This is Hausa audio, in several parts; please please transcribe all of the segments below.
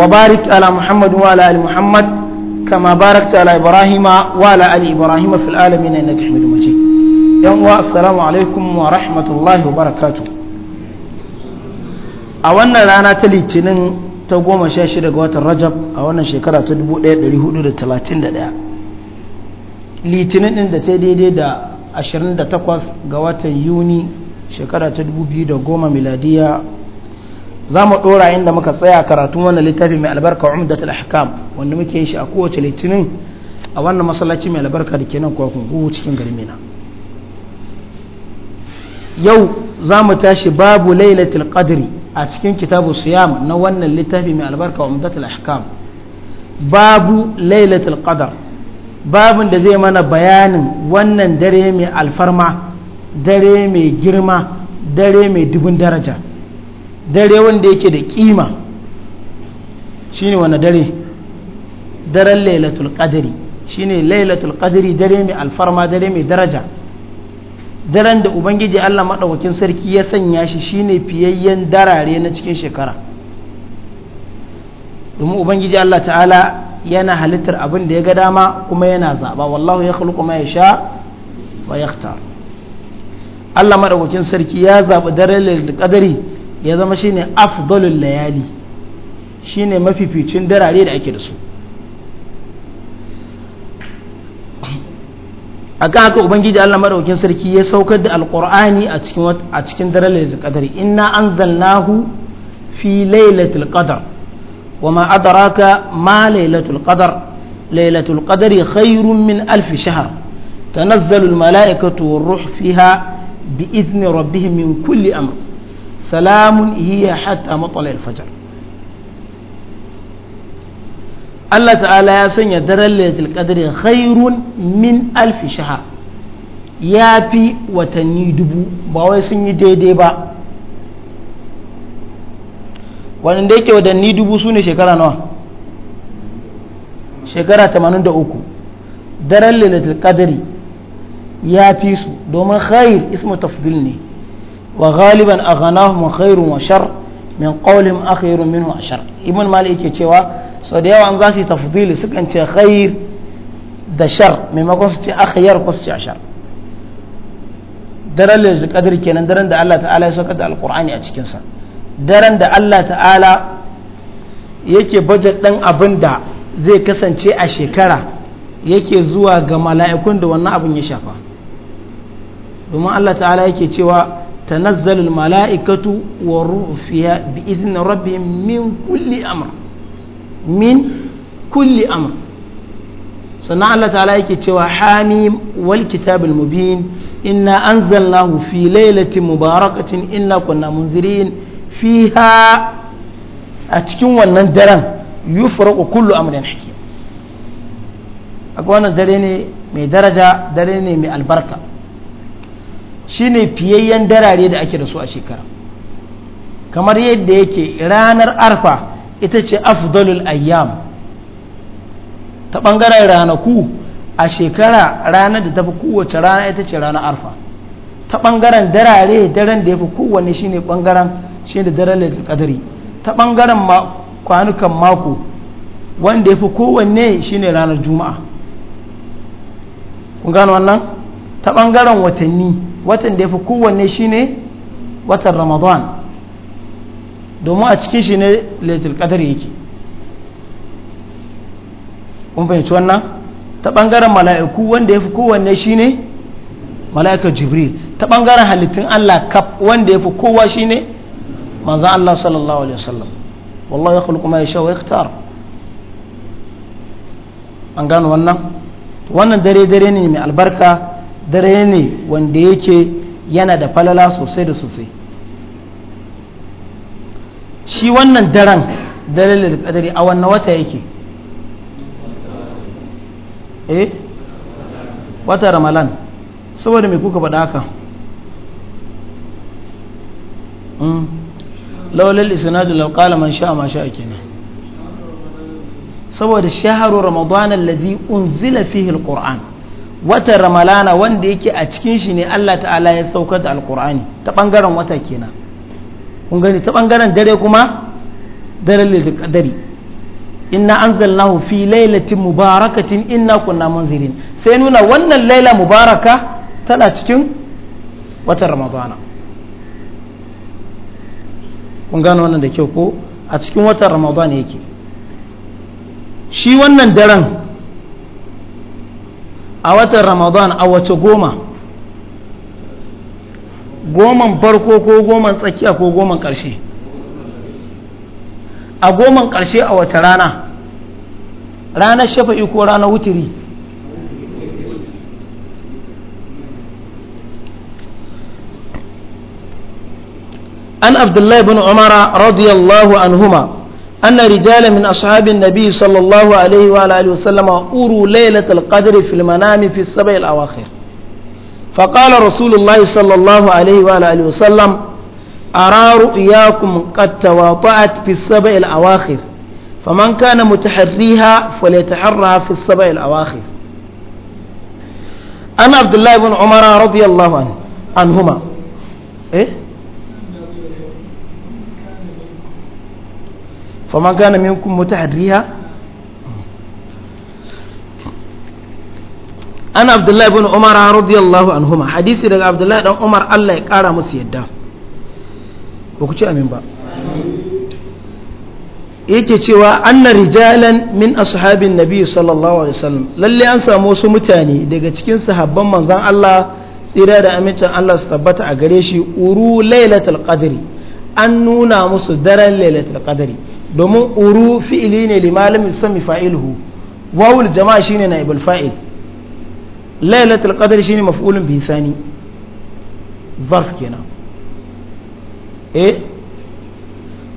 وبارك على محمد وعلى آل محمد كما باركت على إبراهيم وعلى آل إبراهيم في العالمين إنك حميد مجيد يوم السلام عليكم ورحمة الله وبركاته a wannan rana ta litinin ta goma sha shida ga watan rajab a wannan shekara ta 1431 litinin din da ta daidai da 28 ga watan yuni shekara ta 2010 miladiya za mu ɗora inda muka tsaya karatun wannan littafi mai albarka umdatul ahkam wanda muke shi a kowace litinin a wannan masallaci mai albarka da ke nan kun gugu cikin na yau za mu tashi babu lailatul qadri a cikin kitabu siyam na wannan littafi mai albarka umdatul ahkam babu lailatul qadr babin da zai mana bayanin wannan dare mai alfarma dare mai girma dare mai dubun daraja dare wanda yake da kima shine wani dare daren lailatul qadri shine lailatul qadri dare mai alfarma dare mai daraja daren da ubangiji allah maɗaukakin sarki ya sanya shi shine fiyayyen darare na cikin shekara domin ubangiji allah ta'ala yana halittar abin da ya ga dama kuma yana zaɓa wallahu ya khuluqu ma yasha wa yakhtar allah maɗaukakin sarki ya zaɓi daren lailatul qadri ya zama shine afdalul layali shine mafificin darare da ake da su akan haka ubangiji Allah madaukakin sarki ya saukar da alqur'ani a cikin a cikin daren lailatul inna anzalnahu fi lailatul qadr wama adraka ma lailatul qadr lailatul qadri khairun min alf shahr tanazzalul malaikatu war ruh fiha bi idni rabbihim min kulli amr salamun hiya a matsala alfajar Allah ta'ala ya sanya daren lailatul qadri khairun min alfi shahar ya fi watanni dubu ba wai sun yi daidai ba wanda yake watanni dubu su ne shekara nawa shekara 83 daren lailatul qadri ya fi su domin khair ismu tafdil ne وغالبا أغناهم خير وشر min qawlin akhirun minhu ashar ibn malik yake cewa sau da yawa an za su yi sukan ce khair da shar maimakon su ce akhyar ko su ce shar. daren lailatul qadr kenan daren da Allah ta'ala ya saka da alqur'ani a cikin sa daren da Allah ta'ala yake baje dan abin da zai kasance a shekara yake zuwa ga mala'ikun da wannan abin ya shafa domin Allah ta'ala yake cewa تنزل الملائكة والروح فيها بإذن ربهم من كل أمر من كل أمر صنع الله تعالى كتوى حاميم والكتاب المبين إنا أنزلناه في ليلة مباركة إنا كنا منذرين فيها أتكون ونندرا يفرق كل أمر حكيم أقوانا دريني من درجة دريني من البركة shine fiyayyen darare da ake da su a shekara kamar yadda yake ranar arfa ita ce afdalul ayyam ta ɓangaren ranaku a shekara ranar da ta fi kowace rana ita ce ranar arfa ta ɓangaren darare daren da ya fi kowanne shine ɓangaren shi da daren da kadari ta ɓangaren kwanukan mako wanda ya fi kowanne shine ranar juma'a kun gano wannan ta ɓangaren watanni watan da ya fi kowanne ne watan ramadan domin a cikin shi ne laitul qadar yake kun fahimci wannan ta bangaren mala'iku wanda ya fi kowanne ne mala'ikar jibril ta bangaren halittun allah kaf wanda ya fi kowa ne manzan allah sallallahu alaihi wasallam wallah ya khulqu ma sha wa yakhtar an gano wannan wannan dare dare ne mai albarka dare ne wanda yake yana da falala sosai da sosai shi wannan daren dare da kadari a wannan wata yake eh wata ramalan saboda mai kuka faɗa haka hmm? laulal isnadu law qala man sha'a ma sha'a kenan saboda shaharu ramadan alladhi unzila fihi alquran watan ramalana wanda yake a cikin shi ne Allah ta'ala ya saukar da alkur'ani ta bangaren wata kenan kun gani ta bangaren dare kuma daren lilqadari inna anzalnahu fi lailatin mubarakatin inna kunna munzirin sai nuna wannan laila mubaraka tana cikin watan ramadana kun gano wannan da kyau ko a cikin watan ramadana yake shi wannan daren a watan ramadan a wace goma goman farko ko goman tsakiya ko goman ƙarshe a goman ƙarshe a wata rana ranar shafa'i ko ranar wutiri an abdullahi bin umara radiyallahu anhuma أن رجالا من أصحاب النبي صلى الله عليه وعلى آله وسلم أوروا ليلة القدر في المنام في السبع الأواخر فقال رسول الله صلى الله عليه وعلى آله وسلم أرى رؤياكم قد تواطأت في السبع الأواخر فمن كان متحريها فليتحرها في السبع الأواخر أنا عبد الله بن عمر رضي الله عنه عنهما إيه wa man kana minkum mutahriha ana abdullahi ibn umar radiyallahu anhuma hadisi daga abdullahi dan umar Allah ya kara musu yadda ba ku ci amin ba yake cewa anna rijalan min ashabin nabi sallallahu alaihi wasallam lalle an samu wasu mutane daga cikin sahabban manzon Allah tsira da amincin Allah su tabbata a gare shi uru lailatul qadri an nuna musu daren lailatul qadari domin uru fi'ili ne limalim sami fa'iluhu wawul jama'a shine na ibul fa'il lailatul qadari shine maf'ulun bi sani zarf kenan eh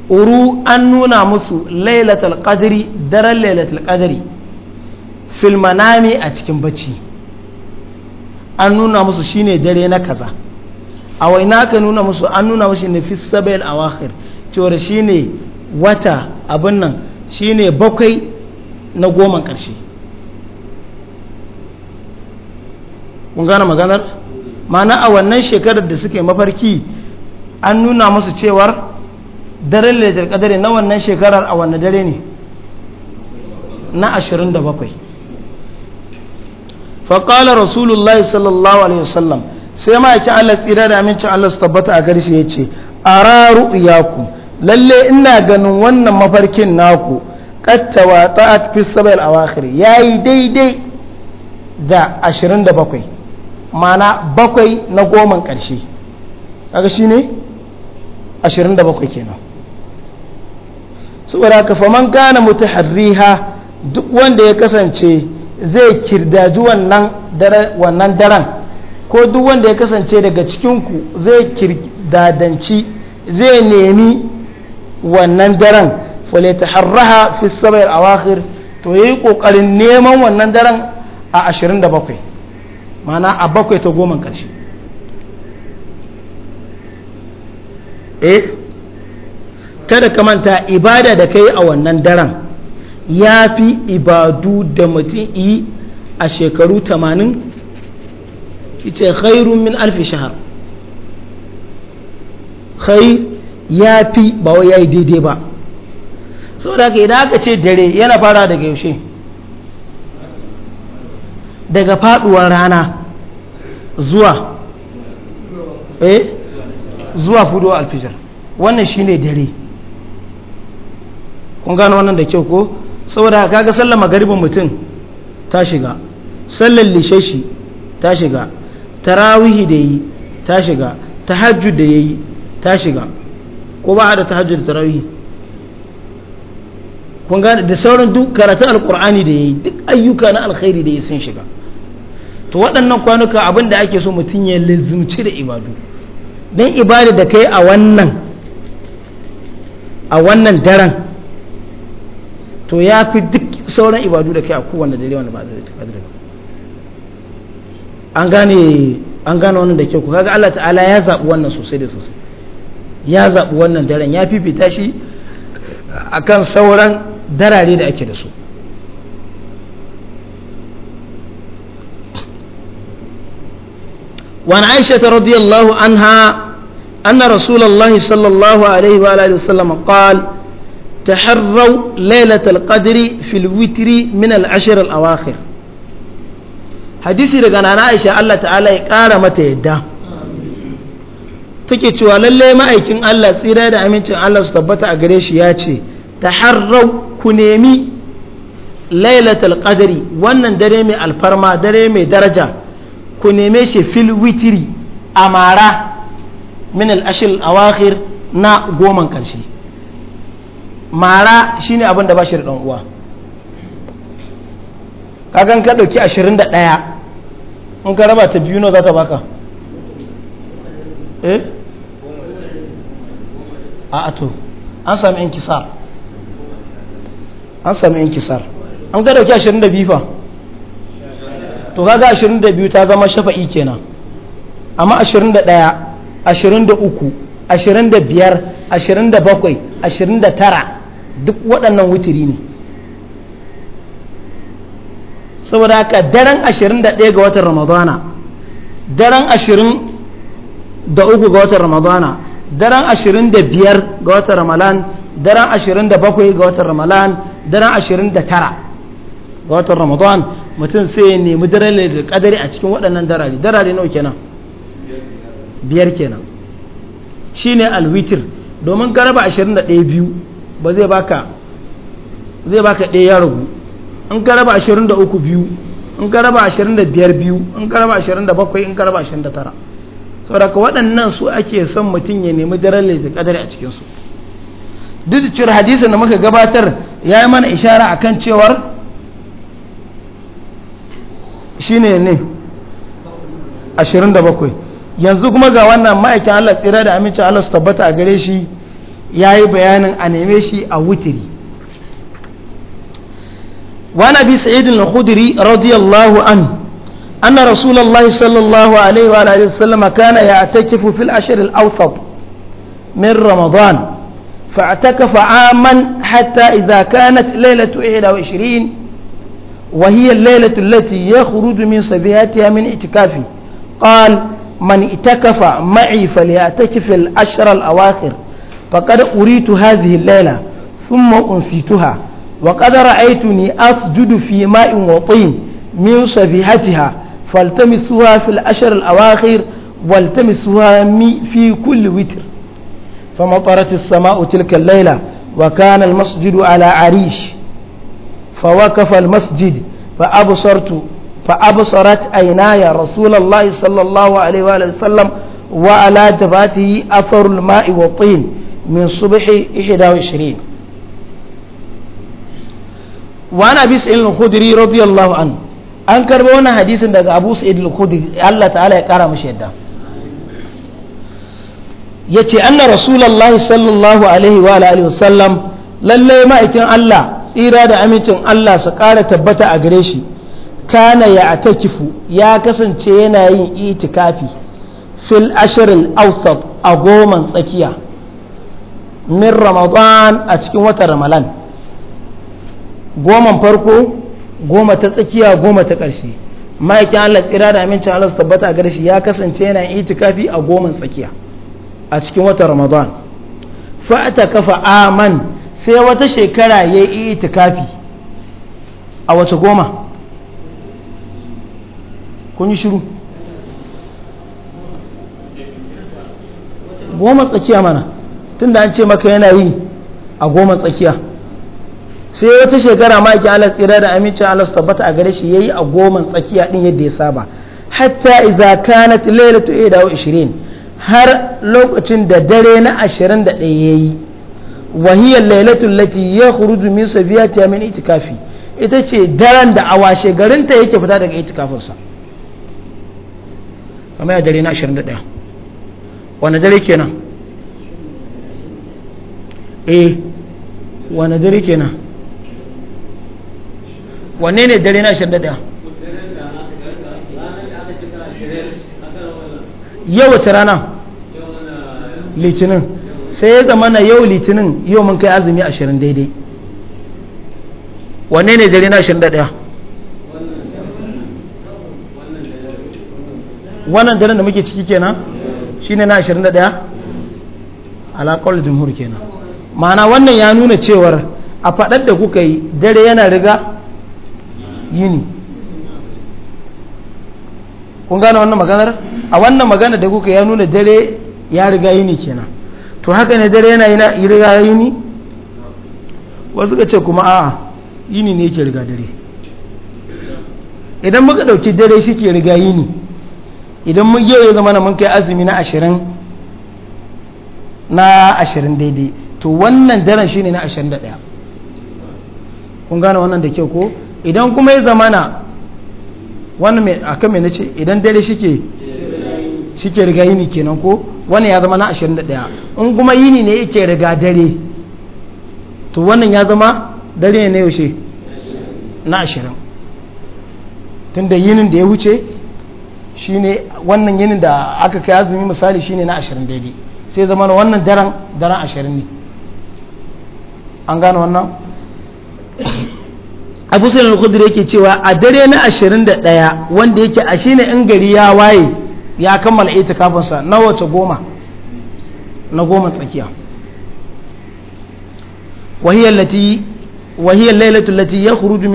uru an nuna musu lailatul qadari daren lailatul qadari fil manami a cikin bacci an nuna musu shine dare na kaza a waina aka nuna musu an nuna musu ne fi sabail awakhir cewar ne wata abin nan ne bakwai na goman ƙarshe kun gane maganar mana a wannan shekarar da suke mafarki an nuna musu cewar daren laitar kadare na wannan shekarar a wannan dare ne na 27 faƙalar rasulullahi sallallahu alaihi wasallam sai ma yake Allah tsira da amincin Allah su tabbata a garshe ya ce a raru ru'yakum lalle ina ganin wannan mafarkin naku kattawa ta'at fi sabil ya yi daidai da 27 mana bakwai na goman karshe kaga shine 27 kenan saboda haka faman kana mutaharriha duk wanda ya kasance zai kirdaji wannan daren ko duk wanda ya kasance daga cikinku zai kirdadanci zai nemi wannan daren falita harraha fi sabar awakhir to yi kokarin neman wannan daren a 27 mana a bakwai ta goma karshe eh kada ka manta ibada da kai a wannan daren ya fi ibadu da mutum yi a shekaru 80 ki ce khairun min alfi shahar khair ya fi ba wai ya yi daidai ba da ka idan aka ce dare yana fara daga yaushe daga faduwar rana zuwa eh zuwa fudo alfijar wannan shine dare kun gano wannan da kyau ko saboda kaga sallar magariba mutum ta shiga sallar lishashi ta shiga tarawihi da yi ta shiga tahajjud da yayi ta shiga ko ba da tahajjud da tarawihi kun gane da sauran duk karatun alqur'ani da yayi duk ayyuka na alkhairi da yi sun shiga to waɗannan kwanuka abin da ake so mutum ya lizumci da ibadu don ibada da kai a wannan a wannan daren to ya fi duk sauran ibadu da kai a kowane dare wanda ba zai ta ba an gane an gane wannan da kyau ku kaga Allah ta'ala ya zaɓi wannan sosai da sosai ya zaɓi wannan daren ya fifita shi akan sauran darare da ake da su وعن عائشة رضي الله عنها أن رسول الله صلى الله عليه وآله وسلم قال تحروا ليلة القدر في الوتر من العشر الأواخر hadisi daga nana aisha Allah ta'ala ya ƙara mata yadda take cewa lalle ma'aikin Allah tsira da amincin Allah su tabbata a gare shi ya ce ta harrau ku nemi lailatul qadri wannan dare mai alfarma dare mai daraja ku neme shi fil witri amara min al ashil awakhir na goman karshe mara shine abin da ba shi da uwa kakan ka ɗauki ashirin in ka raba ta biyu na za ta baka eh a to an sami inkisar an sami inkisar an ka ɗauki ashirin fa to kaga ashirin da ta zama shafa'i kenan amma ashirin 23 ɗaya ashirin biyar ashirin da bakwai ashirin da tara duk waɗannan wutiri ne saboda haka daren 21 ga watan ramadana daren 23 ga watan ramadana daren 25 ga watan ramalan daren 27 ga watan ramalan daren 29 ga watan ramadana mutum sai ya nemi daren da kadari a cikin waɗannan darari darari nawa kenan biyar kenan shine alwitir domin garaba 21 biyu ba zai baka zai baka ɗaya ya rubu in ka raba 23 biyu in ka raba 25 biyu in ka raba 27 in ka raba 29 saboda daga waɗannan su ake son mutum ya nemi daren laifin kadari a cikinsu duk da cewar hadisin da muka gabatar ya yi mana ishara a kan cewar shi ne ne 27 yanzu kuma ga wannan ma'aikin allah tsira da amincin allah su tabbata a gare shi ya yi bayanin a neme shi a wutiri وعن أبي سعيد الخدري رضي الله عنه أن رسول الله صلى الله عليه وعلى اله وسلم كان يعتكف في العشر الأوسط من رمضان فاعتكف عاما حتى إذا كانت ليلة 21 وهي الليلة التي يخرج من صبياتها من اعتكافه قال من اعتكف معي فليعتكف العشر الأواخر فقد أريت هذه الليلة ثم أنسيتها وقد رأيتني أسجد في ماء وطين من شبيهتها فالتمسوها في الأشر الأواخر والتمسوها في كل وتر فمطرت السماء تلك الليلة وكان المسجد على عريش فوقف المسجد فأبصرت فأبصرت عيناي رسول الله صلى الله عليه وآله وسلم وعلى جبهته أثر الماء والطين من صبح 21 wa ana bis ilin khudri radiyallahu an karba wannan hadisin daga abu sa'id al-khudri Allah ta'ala ya kara mishi yadda yace anna rasulullahi sallallahu alaihi wa alihi wasallam lalle ma'aikin Allah tsira da amincin Allah su kara tabbata a gare shi kana ya atakifu ya kasance yana yin itikafi fil ashirin awsat a goman tsakiya min ramadan a cikin watan ramadan goman farko goma ta tsakiya goma ta ƙarshe ma'aikin Allah tsira da amincin Allah su tabbata a ƙarshe ya kasance yana itikafi a goman tsakiya a cikin watan Ramadan fa'ata kafa aman sai wata shekara ya yi itikafi a wace goma kun yi shiru goma tsakiya mana tunda an ce maka yana yi a goma tsakiya sai wata shekara ma yake ala tsira da amincin ala su tabbata a gare shi yayi a goma tsakiya din yadda ya saba hatta idza kanat lailatu 21 har lokacin da dare na 21 yayi wa hiya lailatul lati yakhruju min sabiyati min itikafi ita ce daren da awashe garin ta yake fita daga itikafin sa kamar ya dare na 21 wani dare kenan eh wani dare kenan wanne ne dare na 21 yau wace rana litinin sai ya zama na yau litinin yau mun kai azumi ashirin daidai wanne ne dare na 21 wannan daren da muke ciki kenan shine na 21 alaƙar jimhur kenan ma'ana wannan ya nuna cewar a faɗar da kuka yi dare yana riga yini kun gane wannan maganar a wannan magana da kuka ya nuna dare ya riga yini kenan to haka ne dare yana yana riga yini wasu ka ce kuma a yini ne yake riga dare idan muka dauki dare shi ke riga yini idan mun yau ya zama na mun kai azumi na ashirin na ashirin daidai to wannan daren shi ne na ashirin da daya kun gane wannan da kyau ko idan kuma ya zamana wannan mai kan mai nace idan dare shike shike riga yini kenan ko wannan ya zama na 21 in kuma yini ne yake riga dare to wannan ya zama dare ne yaushe na 20 tunda yinin da ya wuce shine wannan yinin da aka kai azumi misali shine na 20 daidai sai zama wannan daren daren 20 ne an gane wannan abu sayyid al-khudri yake cewa a dare na 21 wanda yake a shine in gari ya waye ya kammala itikafin sa na wata goma na goma tsakiya وهي التي وهي الليلة التي يخرج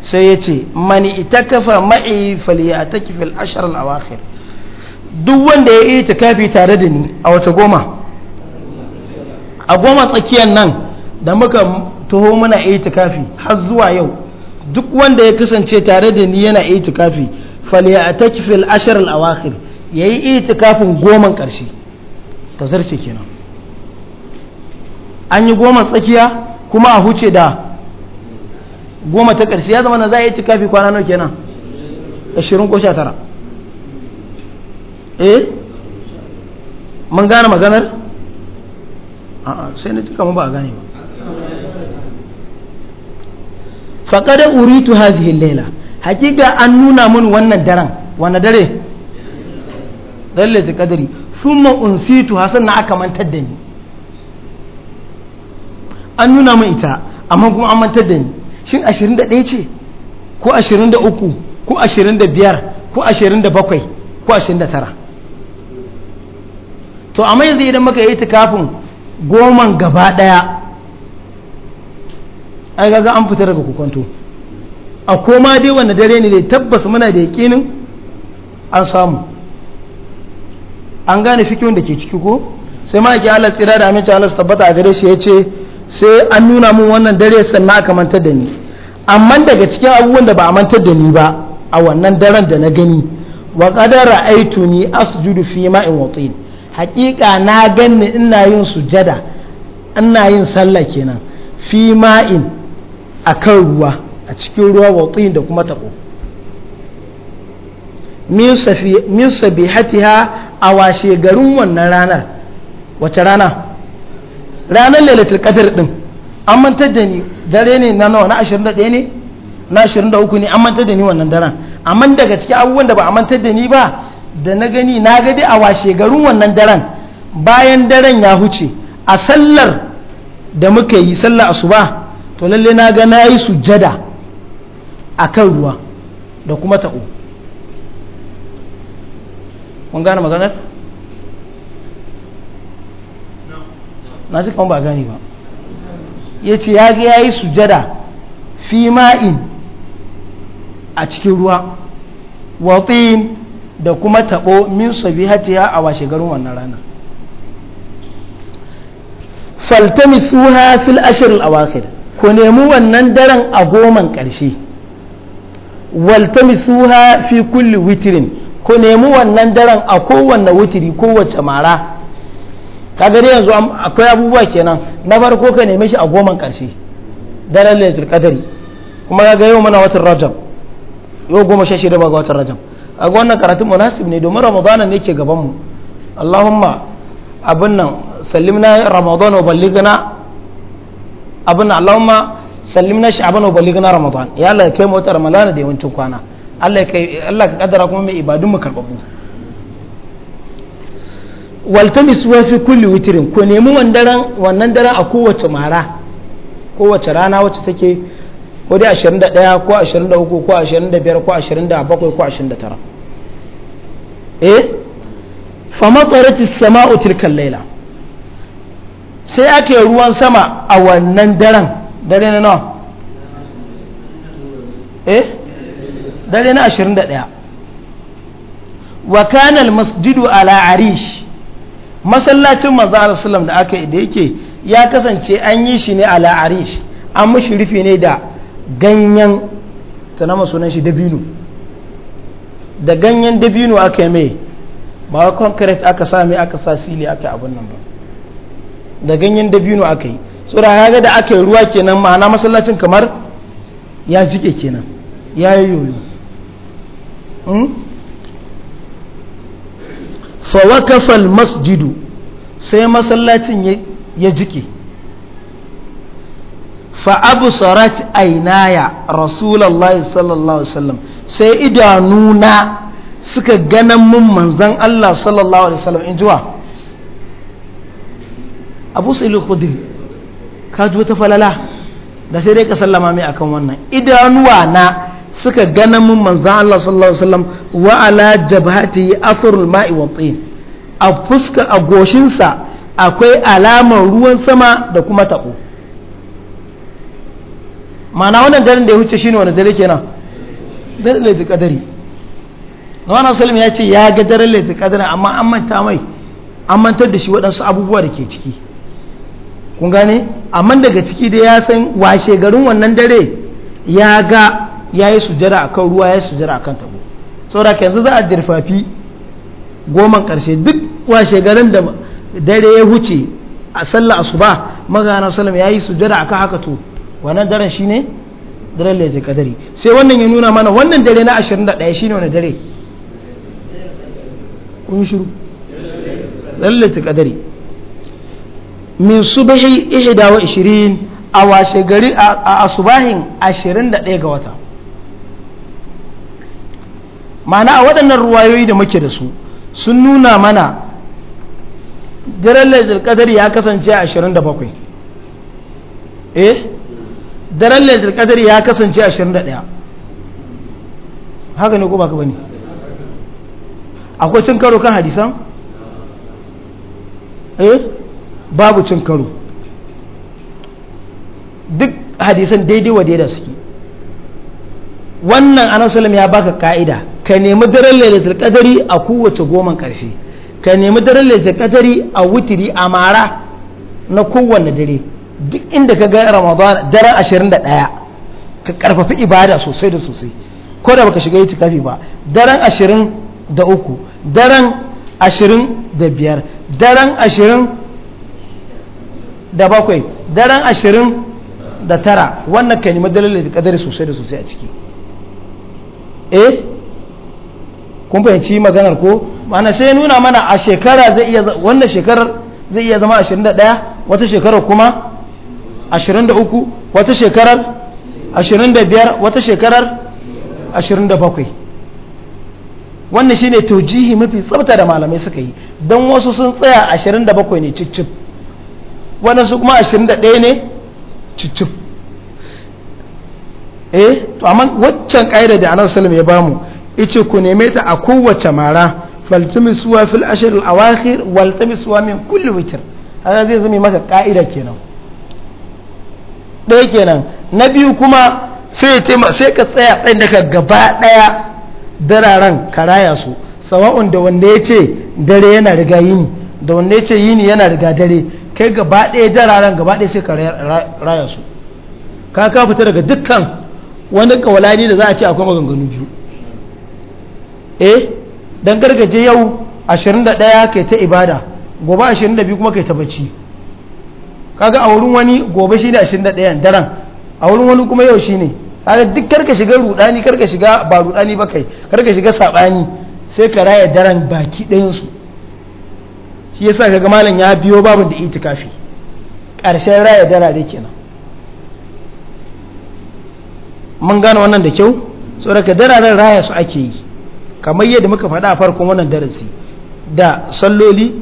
sai ya ce mani ita kafa ma'i اعتكف معي فليعتكف العشر الأواخر duk wanda ya yi takafi tare da ni a wata goma a goma tsakiyar nan da muka taho muna itikafi har zuwa yau duk wanda ya kasance tare da ni yana itikafi falyataki fil a wakil ya yi itikafin goma karshe ta zarce kenan an yi goma tsakiya kuma a huce da goma ta karshe ya zama na za a yi itikafi kwana nawa kenan Ashirin ko tara? eh mun gane maganar a'a sai na cika mu ba a gane ba faqad uritu hadhihi al-laila hakika an nuna mun wannan daren wannan dare lailatul qadri thumma unsitu hasan na aka mantar da ni an nuna mun ita amma kuma an mantar da ni shin 21 ce ko 23 ko 25 ko 27 ko 29 to amma yanzu idan muka yi ta kafin goman gaba daya ai gaga an fitar daga kokonto a koma dai wanda dare ne dai tabbas muna da yakinin an samu an gane fikin da ke ciki ko sai ma ake Allah tsira da aminci Allah tabbata a gare shi ya ce sai an nuna mun wannan dare sannan aka mantar da ni amma daga cikin abubuwan da ba a mantar da ni ba a wannan daren da na gani wa qadara aituni asjudu fi ma'in watin haƙiƙa na ganni ina yin sujada ina yin sallah kenan fi ma'in a kan ruwa a cikin ruwa watsin da kuma tako min ha a washe garin wannan ranar wace rana ranar lailatul qadr din an mantar da ni dare ne na nawa na 21 ne na 23 ne an mantar da ni wannan daren amma daga cikin abubuwan da ba a mantar da ni ba da na gani na gadi a washe garin wannan daren bayan daren ya huce a sallar da muka yi sallar asuba to lalle na ga na yi sujjada a kan ruwa da kuma taɓo kun gane maganar? na ji kan ba gane ba ya ce ya ga ya yi sujjada fi ma'in a cikin ruwa watsin da kuma taɓo min sabi hatiya a washe garin wannan faltami faltamisuha fil ashirin awakhir ku nemi wannan daren a goman ƙarshe waltamisuha fi kulli witirin ku nemi wannan daren a kowanne witiri kowace mara kaga dai yanzu akwai abubuwa kenan na farko ka nemi shi a goman ƙarshe daren lailatul qadari kuma kaga yau muna watan rajab yau goma sha shida ga watan rajab a wannan karatun munasib ne domin ramadana ne ke gaban mu allahumma abin nan sallimna ramadan wa balligna abin allahumma sallim na sha'aban wa na ramadan ya Allah kai mu wata ramadana da yawancin kwana Allah kai Allah ka kaddara kuma mai ibadun mu karbabu waltamis wa fi kulli witrin ko nemi wandaran wannan daren a kowace mara kowace rana wacce take ko dai 21 ko 23 ko 25 ko 27 ko 29 eh fa matarati as-sama'u tilka al-laila sai ake ruwan sama a wannan daren dare na nawa eh dare na 21 wa kana masjidu ala arish masallacin manzo sallam da aka da yake ya kasance an yi shi ne ala arish an mishi rufi ne da ganyen sanama sunan shi dabino da ganyen dabino aka yi mai ba concrete aka sami aka sa sili aka abun nan ba da ganyen dabino aka yi tsura ya ga da aka yi ruwa kenan ma'ana masallacin kamar ya jike kenan ya yi yoyo hmm? fawakafal masjidu sai masallacin ya jike aina ainaya rasulallah sallallahu wasallam sai idanuna suka ganin mun manzan Allah sallallahu alaihi wasallam in jiwa abu sa'ilul khudri ka ji wata falala da sai dai ka sallama mai akan wannan idanuwa na suka gana mun manzan Allah sallallahu alaihi wasallam wa ala jabhati athrul ma'i wa tin a fuska a goshinsa akwai alamar ruwan sama da kuma tabo ma'ana wannan daren da ya huce shine wani dare kenan dare da kadari Nawana Salim ya ce ya ga daren laifin kadari amma an manta mai an mantar da shi waɗansu abubuwa da ke ciki kun gane amma daga ciki da ya san washe garin wannan dare ya ga ya yi sujada akan ruwa ya yi sujada akan tabo saboda yanzu za a dirfafi goman karshe duk washe garin da dare ya huce a sallah asuba magana sallam ya yi sujada akan haka to wannan daren shine daren lailatul kadari sai wannan ya nuna mana wannan dare na 21 shine wani dare kun shiru min subahi ihda wa ishirin a washe gari a asubahin ashirin da ɗaya ga wata mana a waɗannan ruwayoyi da muke da su sun nuna mana daren lailatul qadar ya kasance a ashirin da bakwai eh daren lailatul qadar ya kasance ashirin da ɗaya haka ne ko baka bane akwai cin karo kan hadisan eh babu cin karo duk hadisan daidai wa daidai suke wannan anasalam ya baka ka'ida ka nemi daren lalatar kadari a kowace goma karshe ka nemi daren lalatar kadari a wutiri a mara na kowanne dare duk inda ka ga ramadan daren 21 ka karfafi ibada sosai da sosai ko da baka shiga itikafi ba daren 23 daren 25 daren da bakwai daren ashirin da tara wannan kan yi madalilin da kadari sosai da sosai a ciki eh kun fahimci maganar ko mana sai nuna mana a shekara zai iya wannan shekarar zai iya zama 21 wata shekarar kuma 23 wata shekarar 25 wata shekarar 27 wannan shine taujihi mafi tsabta da malamai suka yi don wasu sun tsaya 27 ne cicip waɗansu kuma 21 ne cicif eh to amma waccan ƙa'ida da annabi salim ya bamu yace ku neme ta a kowace mara faltamisuwa fil ashr al awakhir wa min kulli witr hada zai zama maka ƙa'ida kenan ɗaya kenan na biyu kuma sai sai ka tsaya tsayin daga gaba ɗaya dararen karaya su sawa'un da wanda ya ce dare yana riga yini da wanda ya ce yini yana riga dare kai gaba ɗaya ran gaba ɗaya sai ka raya su ka ka fita daga dukkan wani kawalani da za a ce akwai maganganu biyu eh dan gargaje yau 21 kai ta ibada gobe 22 kuma kai ta bacci kaga a wurin wani gobe shi ne 21 daren a wurin wani kuma yau ne kaga duk karka shiga rudani karka shiga ba rudani ba kai karka shiga sabani sai ka raya daren baki ɗayan su shi yasa kaga malam ya biyo babu da itikafi ƙarshen raya dara da kenan mun gane wannan da kyau daga dararen raya su ake yi kamar yadda muka faɗa a farkon wannan darasi da salloli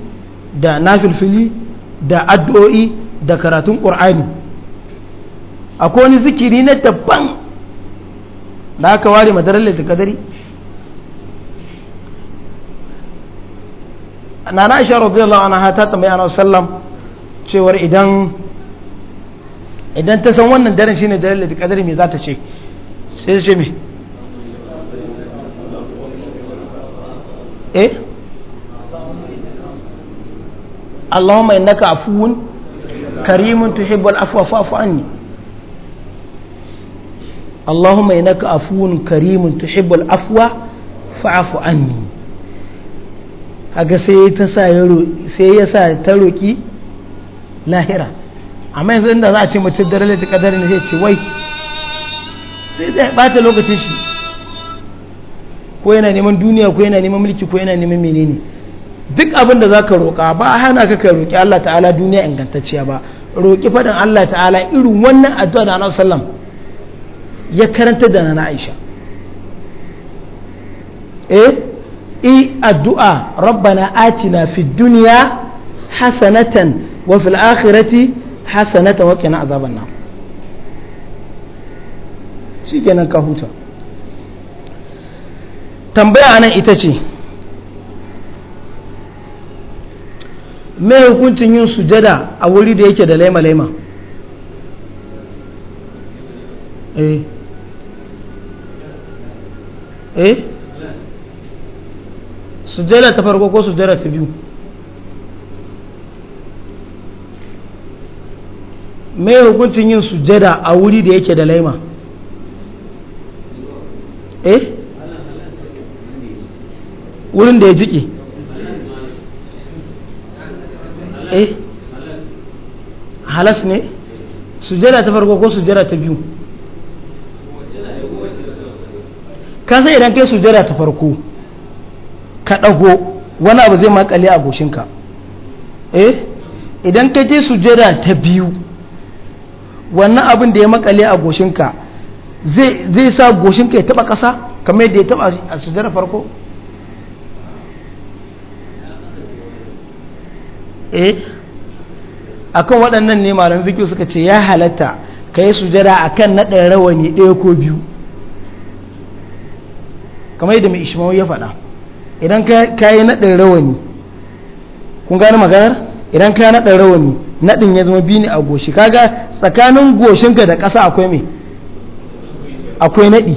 da nafilfili da addu'o'i da karatun ƙur'ani akwai wani zikiri na daban da aka ware madarar da kadari na na isha radiyallahu anha ta tambaya annabi sallam cewar idan idan ta san wannan daren shine daren kadari me za ta ce sai ta ce me eh Allahumma innaka afuwun karimun tuhibbul afwa fa'fu anni Allahumma innaka afuwun karimun tuhibbul afwa fa'fu anni kaga sai yasa sa sai ya sa ta roki lahira amma yanzu inda za a ce mutum da ralaita kadari ne zai ce wai sai zai bata lokacin shi ko yana neman duniya ko yana neman mulki ko yana neman menene duk abin da zaka roka ba a hana ka ka roki Allah ta'ala duniya ingantacciya ba roƙi fadin Allah ta'ala irin wannan addu'a da Annabi sallam ya karanta da Nana Aisha eh i addu'a rabbana atina fi duniya hasanatan wa fil akhirati hasanatan wa azaban nar shikenan ka huta tambaya nan ita ce me hukuncin yin sujada a wuri da yake da laima-laima eh eh sujjada ta farko ko sujjada ta biyu mai hukuncin yin sujjada a wuri da yake da laima eh wurin da ya jiki eh halas ne sujjada ta farko ko sujjada ta biyu ka idan kai sujjada ta farko ka ɗago wani abu zai makale a goshinka eh idan ka je sujada ta biyu wannan abin da ya makale a goshinka zai sa goshinka ya taba ƙasa kamar yadda ya taba a sujada farko eh akan waɗannan ne malam fikiyu suka ce ya halatta ka yi sujada a kan naɗin rawani ɗaya ko biyu kamar yadda mai ishimawa ya faɗa idan ka yi naɗin rawani kun gane maganar idan ka yi naɗin rawani naɗin ya zama biyu ne a goshi kaga tsakanin goshinka da ƙasa akwai me akwai naɗi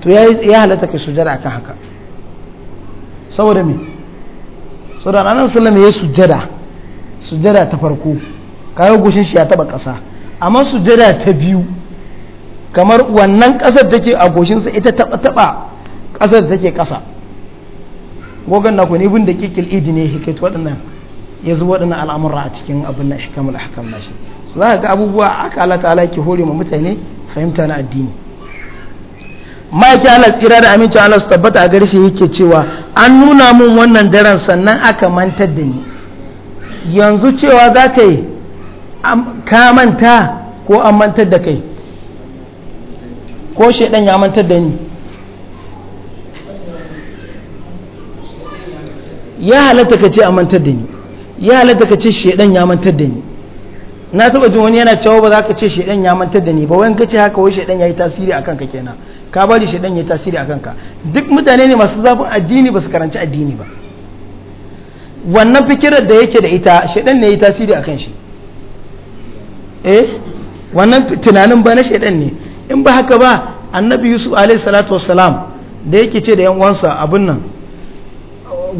to ya halatta ka sujada kan haka saboda me saboda annabi sallallahu alaihi ya sujada sujada ta farko kayan goshin shi ya taba ƙasa amma sujada ta biyu kamar wannan ƙasar take a goshinsa ita taɓa-taɓa ƙasar da take ƙasa gogon na ku ne bin da kikil idi ne hikit waɗannan ya zuwa waɗannan al'amura a cikin abin na hikamul ahkam na shi za ka ga abubuwa aka Allah ta'ala ke hore ma mutane fahimta na addini yake Allah tsira da aminci Allah su tabbata a gare yake cewa an nuna mun wannan daren sannan aka mantar da ni yanzu cewa za ka yi ka manta ko an mantar da kai ko shaidan ya mantar da ni ya halatta ka ce a mantar da ni ya halatta ka ce shedan ya mantar da ni na taba jin wani yana cewa ba za ka ce shedan ya mantar da ni ba wani kace haka wai shedan yayi tasiri akan ka kenan ka bari shedan yayi tasiri akan ka duk mutane ne masu zafin addini ba su karanci addini ba wannan fikirar da yake da ita shedan ne yayi tasiri akan shi eh wannan tunanin ba na shedan ne in ba haka ba annabi yusuf alaihi salatu wassalam da yake ce da yan uwansa abun nan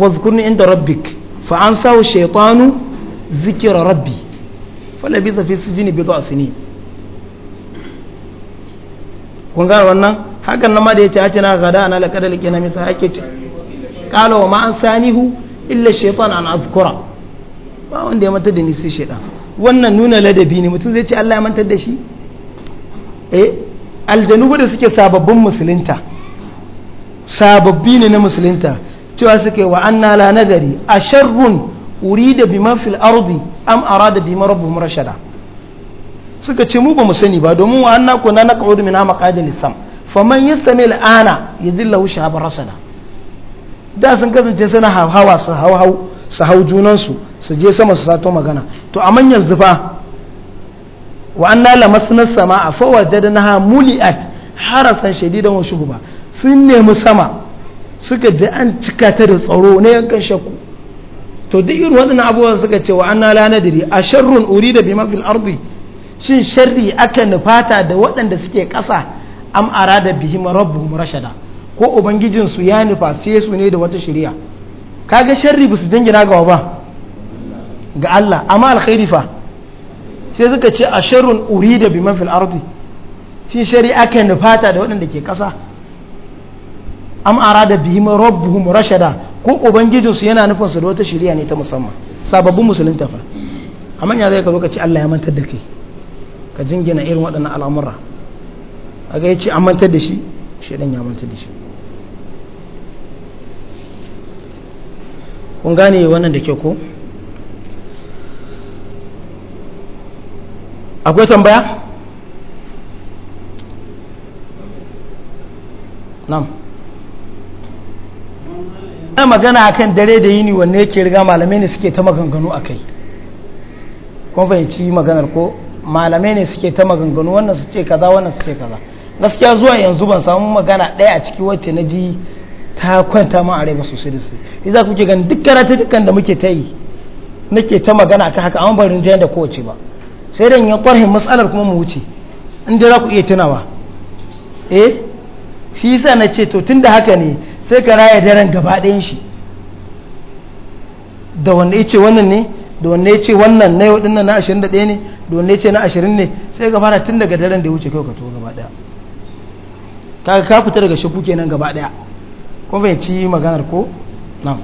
واذكرني عند ربك فأنساه الشيطان ذكر ربي فلبث في السجن بضع سنين kun gane wannan hakan nan ma da ya ce ake na gada ana laƙada laƙe na misa ake ce ƙala wa ma'an sanihu illa shaitan an azkura ba wanda ya manta da ni sai shaitan wannan nuna ladabi ne mutum zai ce Allah ya mantar da shi eh aljanu da suke sababbin musulunta sababbi ne na musulunta cewa suke wa anna la nadari a sharrun da bi mafil arzi am arada bi marabbu rashada suka ce mu ba mu sani ba domin wa anna kunna naq'udu min maqadil sam faman yastami al'ana yadillahu shahabar rasada da sun kasance suna hawa su hau su hau junansu su je sama su sato magana to amma yanzu fa wa anna lamasna sama'a fa ha muli'at harasan shadidan wa ba sun nemi sama suka ji an cika ta da tsaro na yankan shakku to duk irin waɗannan abubuwan suka ce wa anna la nadri a sharrun urida bima fil ardi shin sharri aka nufata da waɗanda suke ƙasa am arada bihi rabbuhum rashada ko ubangijin su ya nufa sai su ne da wata shari'a kaga sharri ba su jingina ga ba ga Allah amma alkhairi fa sai suka ce a sharrun urida bima fil ardi shin sharri aka nufata da waɗanda ke ƙasa am arada bihim rabbuhum rashada ko su yana nufin su da wata shari'a ne ta musamman sababbin musulunta fa amma ya zai ka lokaci Allah ya mantar da kai ka jingina irin waɗannan al'amura a ga yace an mantar da shi dan ya mantar da shi kun gane wannan da ke ko akwai tambaya? Nam. a magana akan dare da yini wanne yake riga malamai ne suke ta maganganu a kai kun fahimci maganar ko malamai ne suke ta maganganu wannan su ce kaza wannan su ce kaza gaskiya zuwa yanzu ban samu magana ɗaya a ciki wacce na ji ta kwanta ma a rai ba sosai da sosai ku kuke ganin duk karatu dukkan da muke ta yi nake ta magana ta haka an barin jayan da kowace ba sai dan ya kwarhin matsalar kuma mu wuce in za ku iya tunawa eh shi yasa na ce to tunda haka ne sai ka raya daren gaba ɗayan shi da wanda ya ce wannan ne da wanda ya ce wannan na yau ɗin na 21 ne da wanda ya ce na 20 ne sai ka fara tun daga daren da ya wuce kai ka to gaba ɗaya ka ka fita daga shaku kenan gaba ɗaya kuma bai ci maganar ko nan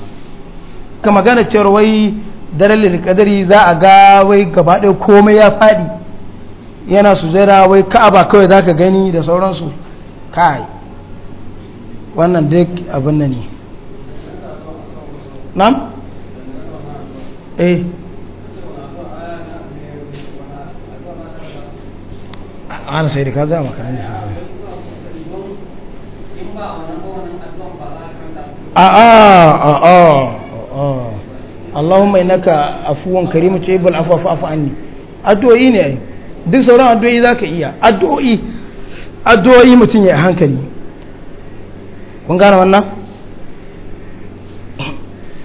ka magana cewar wai daren lilkadari za a ga wai gaba ɗaya komai ya faɗi yana su zaira wai ka'aba kawai za ka gani da sauransu kai wannan duk abin nan ne nam? eh ana sai da ka zama kanan ne sosai a a a a Allahumma inaka afuwan karimu ce ibal afuwa fa'afu anni addu'o'i ne duk sauran addu'o'i za ka iya addu'o'i addu'o'i mutum ya hankali kun gane wannan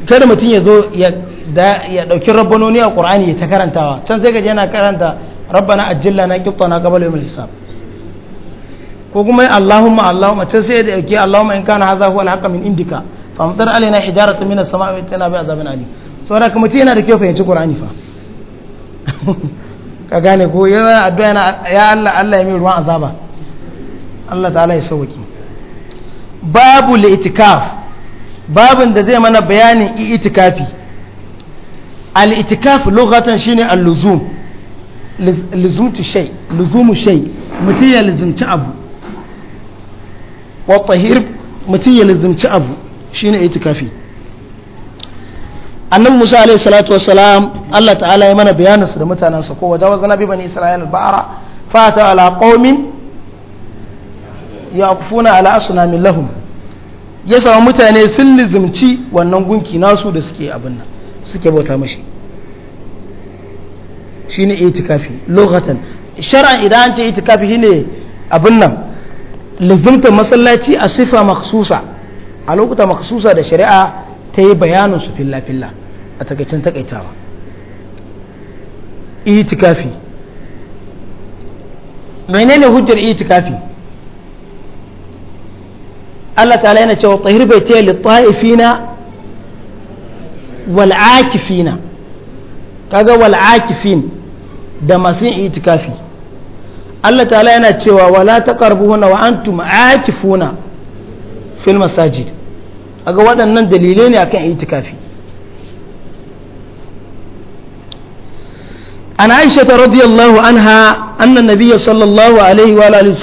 kada mutum ya zo ya dauki rabbanoni a ƙorani ta karantawa can sai gaji yana karanta rabbana ajilla na kifta na kabal yawon lissa ko kuma allahumma allahumma can sai ya dauki allahumma in kana haza huwa alhaqa min indika famtar alina hijara ta minar sama abin tana bai bi azabin ali saboda kuma mutum yana da kyau fahimci ƙorani fa ka gane ko yana addu'a ya Allah Allah ya mai ruwan azaba Allah ta'ala ya sauke babu li'itikaf babin da zai mana bayanin itikafi al-itikaf lughatan shine al-luzum luzumtu shay luzumu shay mutum ya luzumci abu wa tahir mutum ya luzumci abu shine itikafi annabi musa alaihi salatu wassalam Allah ta'ala ya mana bayanin su da mutanansa ko wajen wasu nabi bani isra'ila ba'ara fata ala qaumin kufuna ala min lahum ya samu mutane sun lizimci wannan gunki nasu da suke abin nan suke bauta mashi shine itikafi lokatan shar'an idan an ce itikafi shine abin nan lizumta masallaci a sifa makhsusa a lokuta makhsusa da shari'a ta yi bayanin su filla filla a takaicin takaitawa itikafi menene hujjar itikafi Allah ta'ala yana cewa tahir bai ce li ta'ifina wal akifina kaga wal akifin da masu yin itikafi Allah ta'ala yana cewa wala taqrabuhuna wa antum akifuna fil masajid kaga waɗannan dalilai ne akan itikafi عن عائشة رضي الله عنها أن النبي صلى الله عليه وآله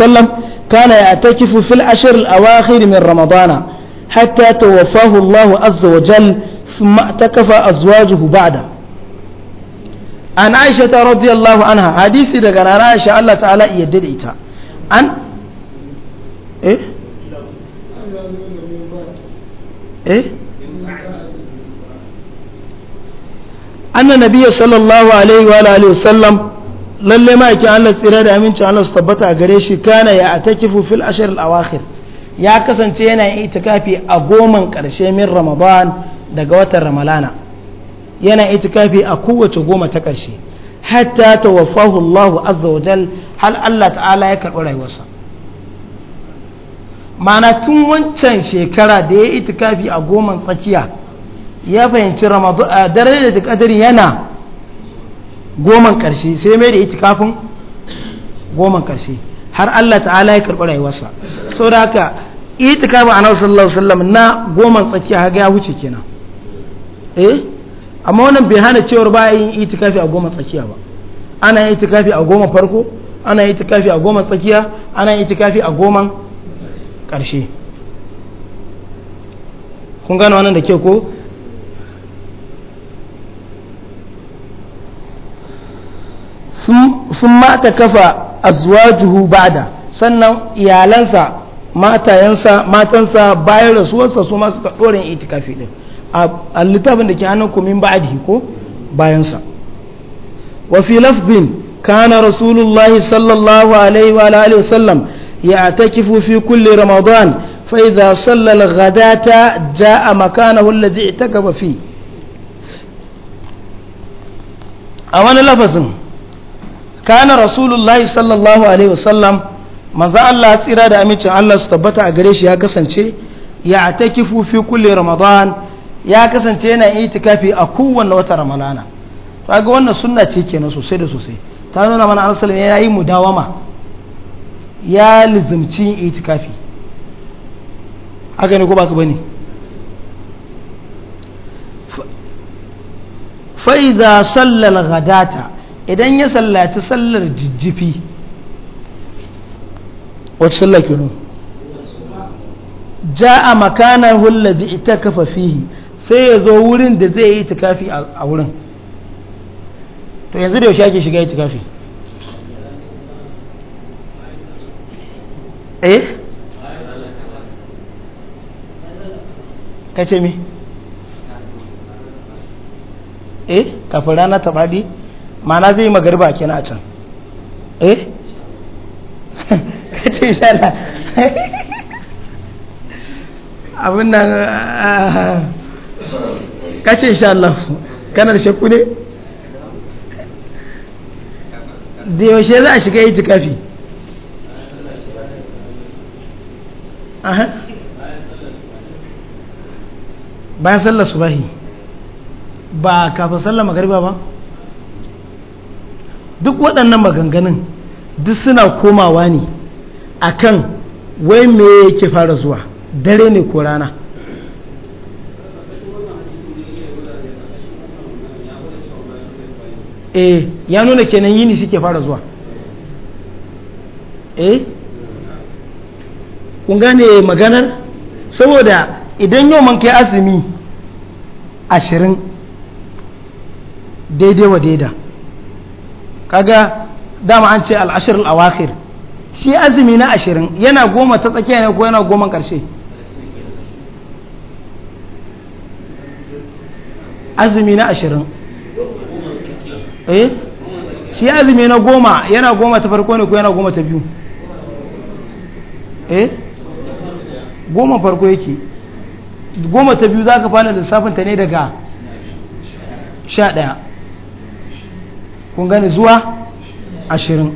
كان يعتكف في العشر الأواخر من رمضان حتى توفاه الله عز وجل ثم اعتكف أزواجه بعده عن عائشة رضي الله عنها حديث دقنا عن عائشة الله تعالى يدد إيتا عن إيه إيه أن النبي صلى الله عليه وآله وسلم lalle ma'aikin Allah tsira da Aminci Allah su tabbata a gare shi kana ya atakifu fil ashar al-awakhir ya kasance yana yin itikafi a goman karshe min Ramadan daga watan Ramalana yana itikafi a kowace goma ta karshe hatta tawaffahu Allah azza wa jal hal Allah ta'ala ya karɓi rayuwarsa mana tun wancan shekara da ya itikafi a goman tsakiya ya fahimci Ramadan dare da kadari yana goman karshe sai mai da itikafin goman karshe har Allah ta'ala ya karɓi rayuwarsa da haka itikafin annabi sallallahu alaihi wasallam na goman tsakiya ga ya wuce kenan eh amma wannan bai hana cewar ba yin itikafi a goma tsakiya ba ana yin itikafi a goma farko ana yin itikafi a goma tsakiya ana yin itikafi a goman ƙarshe kun gano wannan da ke ko sun mata kafa azwajuhu ba'da sannan iyalansa matayensa matansa bayan rasuwarsa su masu ɗorin itikafi ɗin a littafin da ke hannun kumin ba'adi ko bayansa wafi lafzin kana rasulullahi sallallahu alaihi wa alihi sallam ya ta fi kulle ramadan fa'iza sallar ta ja a makana hulladi ita gaba fi a wani lafazin kana rasulullahi sallallahu alaihi wasallam manzo Allah tsira da amincin Allah su tabbata a gare shi ya kasance ya atakifu fi kulli ramadan ya kasance yana itikafi a kowanne wata ramadana to ga wannan sunna ce kenan sosai da sosai ta nuna mana an salama ya yi mudawama ya lizimci itikafi haka ne ko baka bane fa idza sallal ghadata idan ya sallaci sallar jijjifi wacce sallah ke makana makanar zai ita kafa fihi sai ya zo wurin da zai yi tukafi a wurin to yanzu da yaushe ake shiga yi tukafi eh kace mi eh kafin rana ta baɗi mana zai yi magariba kenan a can eh kace Allah abin nan ah, kace sha kana da shakku ne da yaushe za a shiga yi kafi. bayan sallar subahi ba kafin sallar magariba ba duk waɗannan maganganun duk suna komawa ne a kan wai me yake fara zuwa dare ne ko rana eh ya nuna kenan yini suke fara zuwa eh kun gane maganar saboda idan yau man kai azumi ashirin daidai wa daidai. kaga dama an ce al'ashir al'awakir shi azumi na ashirin yana goma ta tsakiya ne ko yana goma ƙarshe azumi na ashirin eh? shi azumi na goma yana goma ta farko ne ko yana goma ta biyu eh goma farko yake goma ta biyu za ka fara lissafinta ne daga sha ɗaya kun gane zuwa ashirin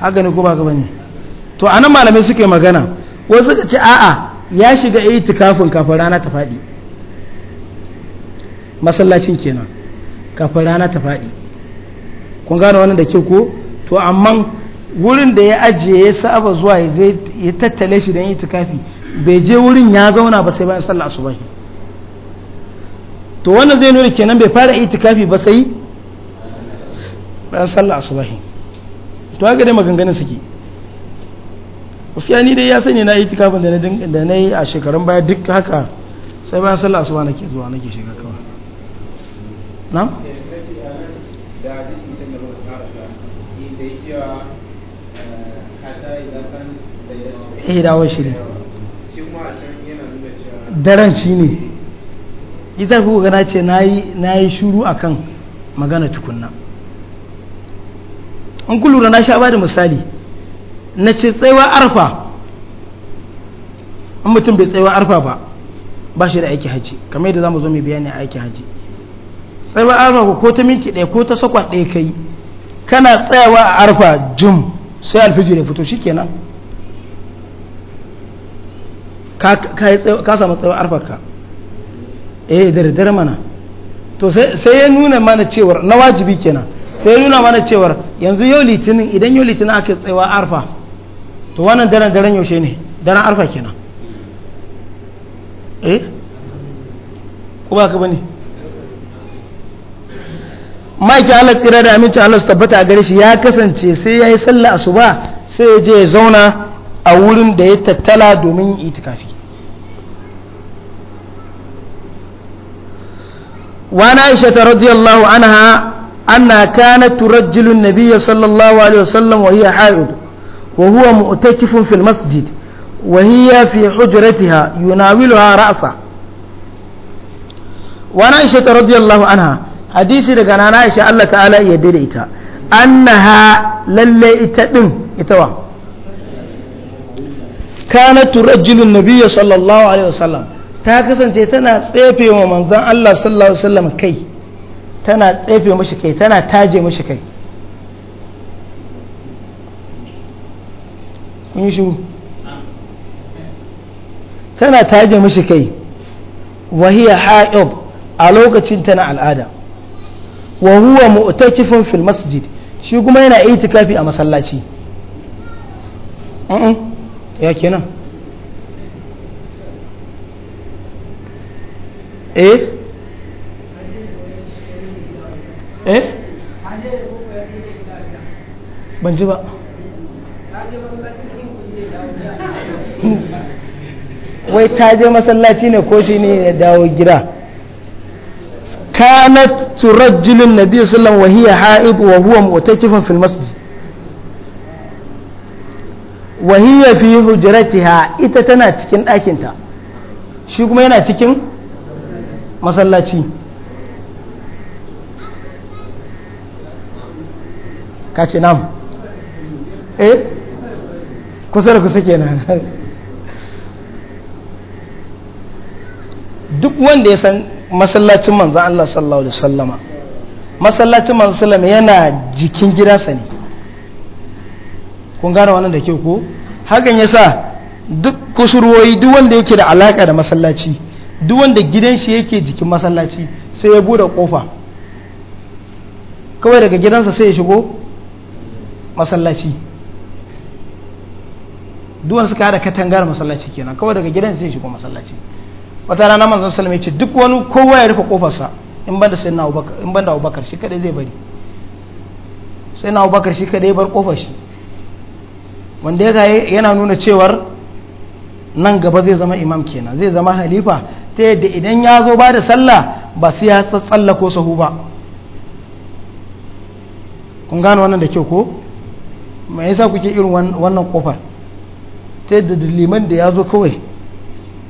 haka ne ko ba gaba ne to a nan malamai suke magana wasu suka ce a'a ya shiga tukafin kafin rana ta faɗi masallacin kenan kafin rana ta faɗi kun gane wani da ke ko to amma wurin da ya ajiye ya saba zuwa ya tattale shi don tukafi bai je wurin ya zauna ba sai bayan sallah asubahi to wannan zai nuna kenan bai fara itikafi ba sai bayan sallah asubahi to haka dai maganganun suke gaskiya ni dai ya sani na itikafin da na da na yi a shekarun baya duk haka sai bayan sallah asuba nake zuwa nake shiga kawa na eh dawo shi ne daren shi ne idan kuka gana ce na yi shuru a kan magana tukunna in ku lura na sha ba da misali na ce tsaiwa arfa an mutum bai tsaiwa arfa ba ba shi da aiki hajji kamar yadda za mu zo mai bayani a aiki hajji tsaiwa arfa ko ta minti ɗaya ko ta sakwa ɗaya kai kana tsayawa a arfa jim sai alfiji da fito shikenan ka samu tsaiwa arfarka eh daddare mana to sai ya nuna mana cewar na wajibi kenan sai ya nuna mana cewar yanzu yau litinin idan yau litinin aka tsayawa arfa to wannan daren daren yaushe ne daren arfa kenan eh ko ba ka bane maki Allah tsira da aminci Allah su tabbata a gare shi ya kasance sai ya yi sallah asuba sai ya je ya zauna a wurin da ya tattala domin itikafi وعن عائشة رضي الله عنها أنها كانت ترجل النبي صلى الله عليه وسلم وهي حائض وهو مؤتكف في المسجد وهي في حجرتها يناولها رأسه وعن عائشة رضي الله عنها حديثي لك عن عائشة الله تعالى يدريت أنها للي إتدم إتوا كانت ترجل النبي صلى الله عليه وسلم ta kasance tana tsefe wa manzan Allah sallallahu alaihi wasallam kai tana tsefe mashi kai tana taje mashi kai kun shi tana taje mashi kai wahiya ha'id a lokacin tana al'ada wa huwa mu'takifun fil masjid shi kuma yana itikafi a masallaci ya kenan eh eh ban ji wai ta je masallaci ne ko shi ne ya dawo gida kanat turajjilun nabi sallam wa hiya ha'id wa huwa mu'takifun fil masjid wa hiya fi hujratiha ita tana cikin ɗakinta shi kuma yana cikin masallaci ka ce nam eh kusa da kusa kenan duk wanda ya san masallacin manzan Allah sallallahu alaihi wasallama masallacin manzan sallama yana jikin gidansa ne kun gane wannan da ke ko hakan ya sa duk kusurwoyi duk wanda yake da alaka da masallaci duk wanda gidan shi yake jikin masallaci sai ya bude kofa kawai daga gidansa sai ya shigo masallaci duk wanda suka hada katangar masallaci kenan kawai daga gidan sai ya shigo masallaci wata rana manzon sallama ya ce duk wani kowa ya rufe kofarsa in banda sai na abubakar in banda abubakar shi kadai zai bari sai na abubakar shi kadai bar kofar shi wanda ya yana nuna cewar nan gaba zai zama imam kenan zai zama halifa ta yadda idan ya zo ba da sallah ba sai ya tsatsalla ko sahu ba kun gano wannan da kyau ko me yasa kuke irin wannan kofa ta yadda liman da ya zo kawai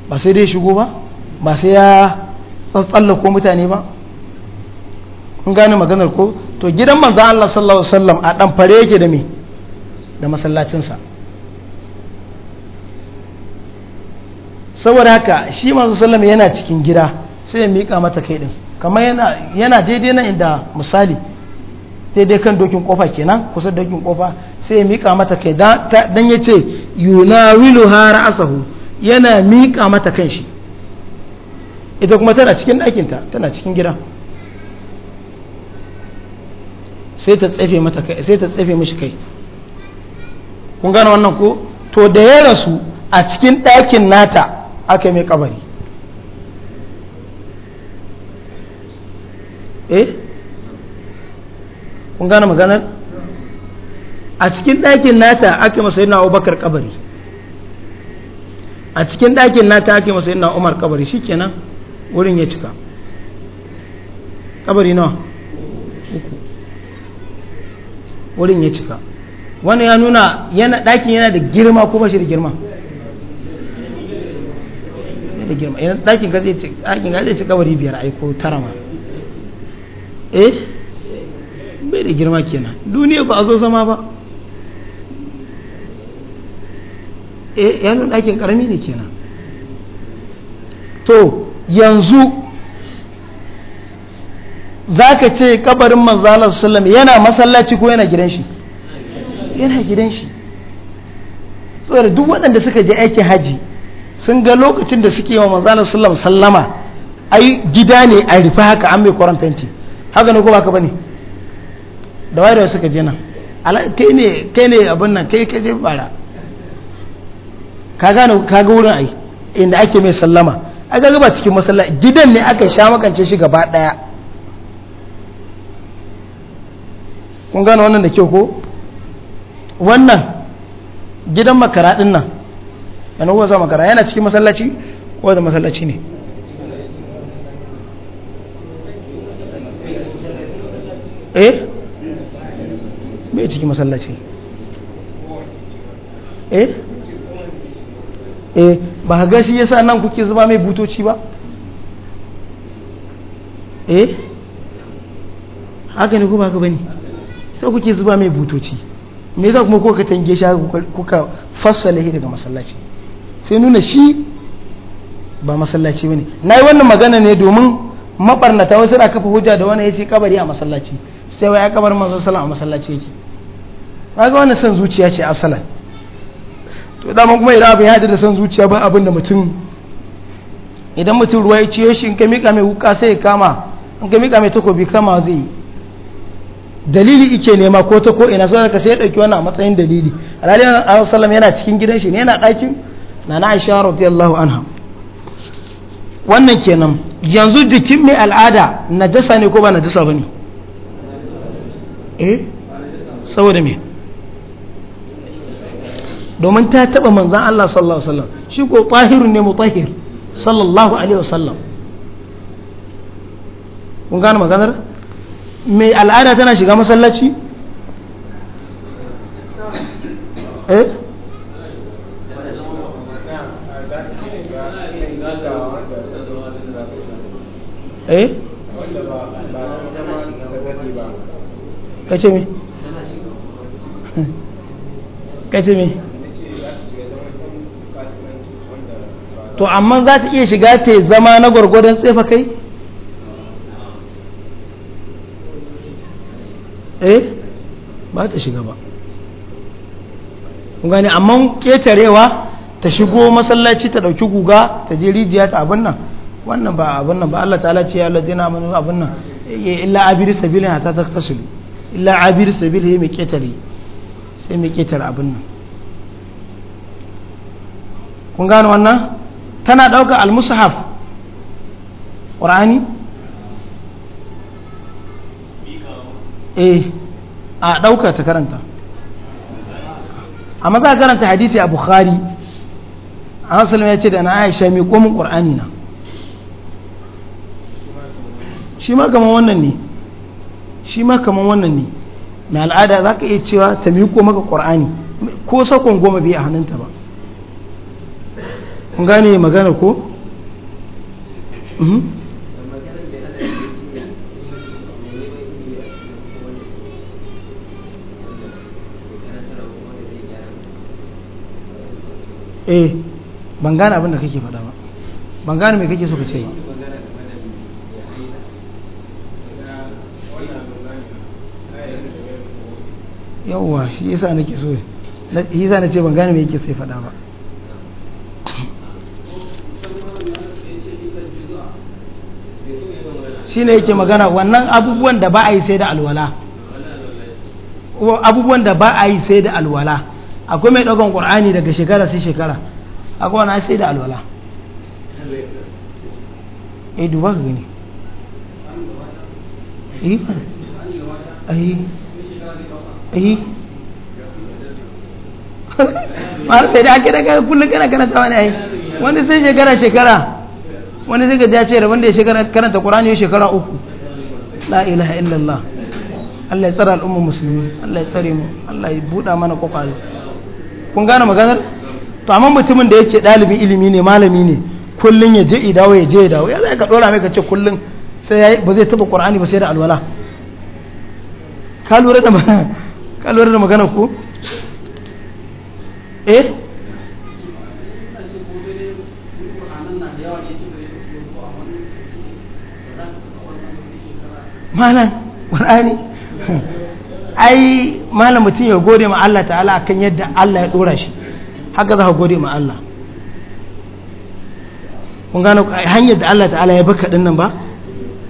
ba sai dai shigo ba ba sai ya tsatsalla ko mutane ba kun gane maganar ko to gidan manzo Allah sallallahu alaihi wasallam a dan fare yake da me da masallacinsa saboda haka shi manzo sallama yana cikin gida sai ya miƙa mata kai din kamar yana daidai nan inda misali daidai kan dokin kofa kenan kusa dokin kofa sai ya miƙa mata kai dan ya ce yunawilu hara asahu yana miƙa mata kan shi ita kuma tana cikin ɗakinta tana cikin gida sai ta tsefe mata kai sai ta tsefe mishi kai kun gane wannan ko to da ya rasu a cikin ɗakin nata aka mai kabari eh kun gane maganar a cikin ɗakin nata aka masa yana abubakar kabari a cikin ɗakin nata aka masa yana umar kabari shikenan wurin ya cika kabari nawa uku wurin ya cika wani ya nuna yana ɗakin yana da girma ko ba shi da girma da girma yanzu ɗakin ka zai ci ɗakin ka zai kabari biyar ai ko tara ma eh bai da girma kenan duniya ba a zo zama ba eh yanzu ɗakin karami ne kenan to yanzu za ka ce kabarin manzalar sallam yana masallaci ko yana gidan shi yana gidan shi saboda duk waɗanda suka je aikin hajji. sun ga lokacin da suke wa manzana sallam sallama ai gida ne a rufe haka an mai koran fenti haka ne ko baka bane da da suka je nan kai ne kai ne abin nan kai kai bara ka gane ka ga wurin ai inda ake mai sallama a ga ba cikin masalla gidan ne aka sha makance shi gaba daya kun gane wannan da kyau ko wannan gidan makara din nan yana uwa zuwa kara yana cikin masallaci ko da masallaci ne eh bai cikin masallaci eh eh ba ga shi yasa nan kuke zuba mai butoci ba eh haka ne kuma haka bane sai kuke zuba mai butoci me yasa kuma kuka tange shi kuka fassala shi daga masallaci sai nuna shi ba masallaci bane na yi wannan magana ne domin mabarnata wasu na kafa hujja da wani ya fi kabari a masallaci sai wa ya kabar manzon sallam a masallaci yake ga wannan son zuciya ce asalan to dama kuma idan abin ya da son zuciya ba abin da mutum idan mutum ruwa ya ciyo shi in ka miƙa mai wuka sai ya kama in ka miƙa mai takobi kama zai yi dalili ike nema ko ta ko ina so ka sai ya ɗauki wannan a matsayin dalili alhali a sallam yana cikin gidan shi ne yana ɗakin na na aisha radiyallahu anha wannan kenan yanzu jikin mai al'ada najasa ne ko ba najasa bane eh saboda me domin ta taba manzan Allah sallallahu alaihi wasallam shi ko tahirun ne mutahhir sallallahu alaihi wasallam kun gane maganar mai al'ada tana shiga masallaci eh eh kace me to amma za ta iya shiga ta zama na gwargwadon tsefa kai eh ba ta shiga ba gani amma ketarewa ta shigo masallaci ta dauki guga ta je rijiya ta abin nan wannan ba abin nan ba Allah ta'ala ce ya ladina manu abin nan eh, illa abiri sabilin ta taktasilu illa sabil he mai ketare sai mai ketare abin nan kun gano wannan tana dauka al-musahaf qur'ani eh a dauka ta karanta amma za ka karanta hadisi a bukhari a nasarar ya ce da na aisha mai komin ƙwar'ani na shi ma kamar wannan ne shi ma kamar wannan ne mai al'ada za ka iya cewa ta miko maka ƙwar'ani ko sakon goma biyu a hannunta ba kun gane magana ko? Mhm. eh ban gane abin da kake faɗa ba ban gane mai kake so ka ce ba yauwa shi yasa nake so shi yasa nace ban gane me yake sai fada ba shi ne yake magana wannan abubuwan da ba a yi sai da alwala abubuwan da ba a yi sai da alwala akwai mai ɗaukan ƙur'ani daga shekara sai shekara akwai wani sai da alwala eh duba ka gani eh eh har sai da ake daga kullum kana kana wani ai wani sai shekara shekara wani zai gaji ya ce rabin da ya shekara karanta ƙurani shekara uku la ilaha illallah Allah ya tsara al'ummar musulmi Allah ya tsare mu Allah ya buɗa mana kwakwalo kun gane maganar to amma mutumin da yake ɗalibin ilimi ne malami ne kullum ya je ya dawo ya je ya dawo ya zai ka ɗora mai ka ce kullum sai ba zai taɓa ƙur'ani ba sai da alwala ka lura da ka lura da magana ko eh malam ƙwarani ai malam mutum ya gode ma Allah ta'ala akan yadda Allah ya dora shi haka za ka gode ma Allah kun gano hanyar da Allah ta'ala ya baka dinnan ba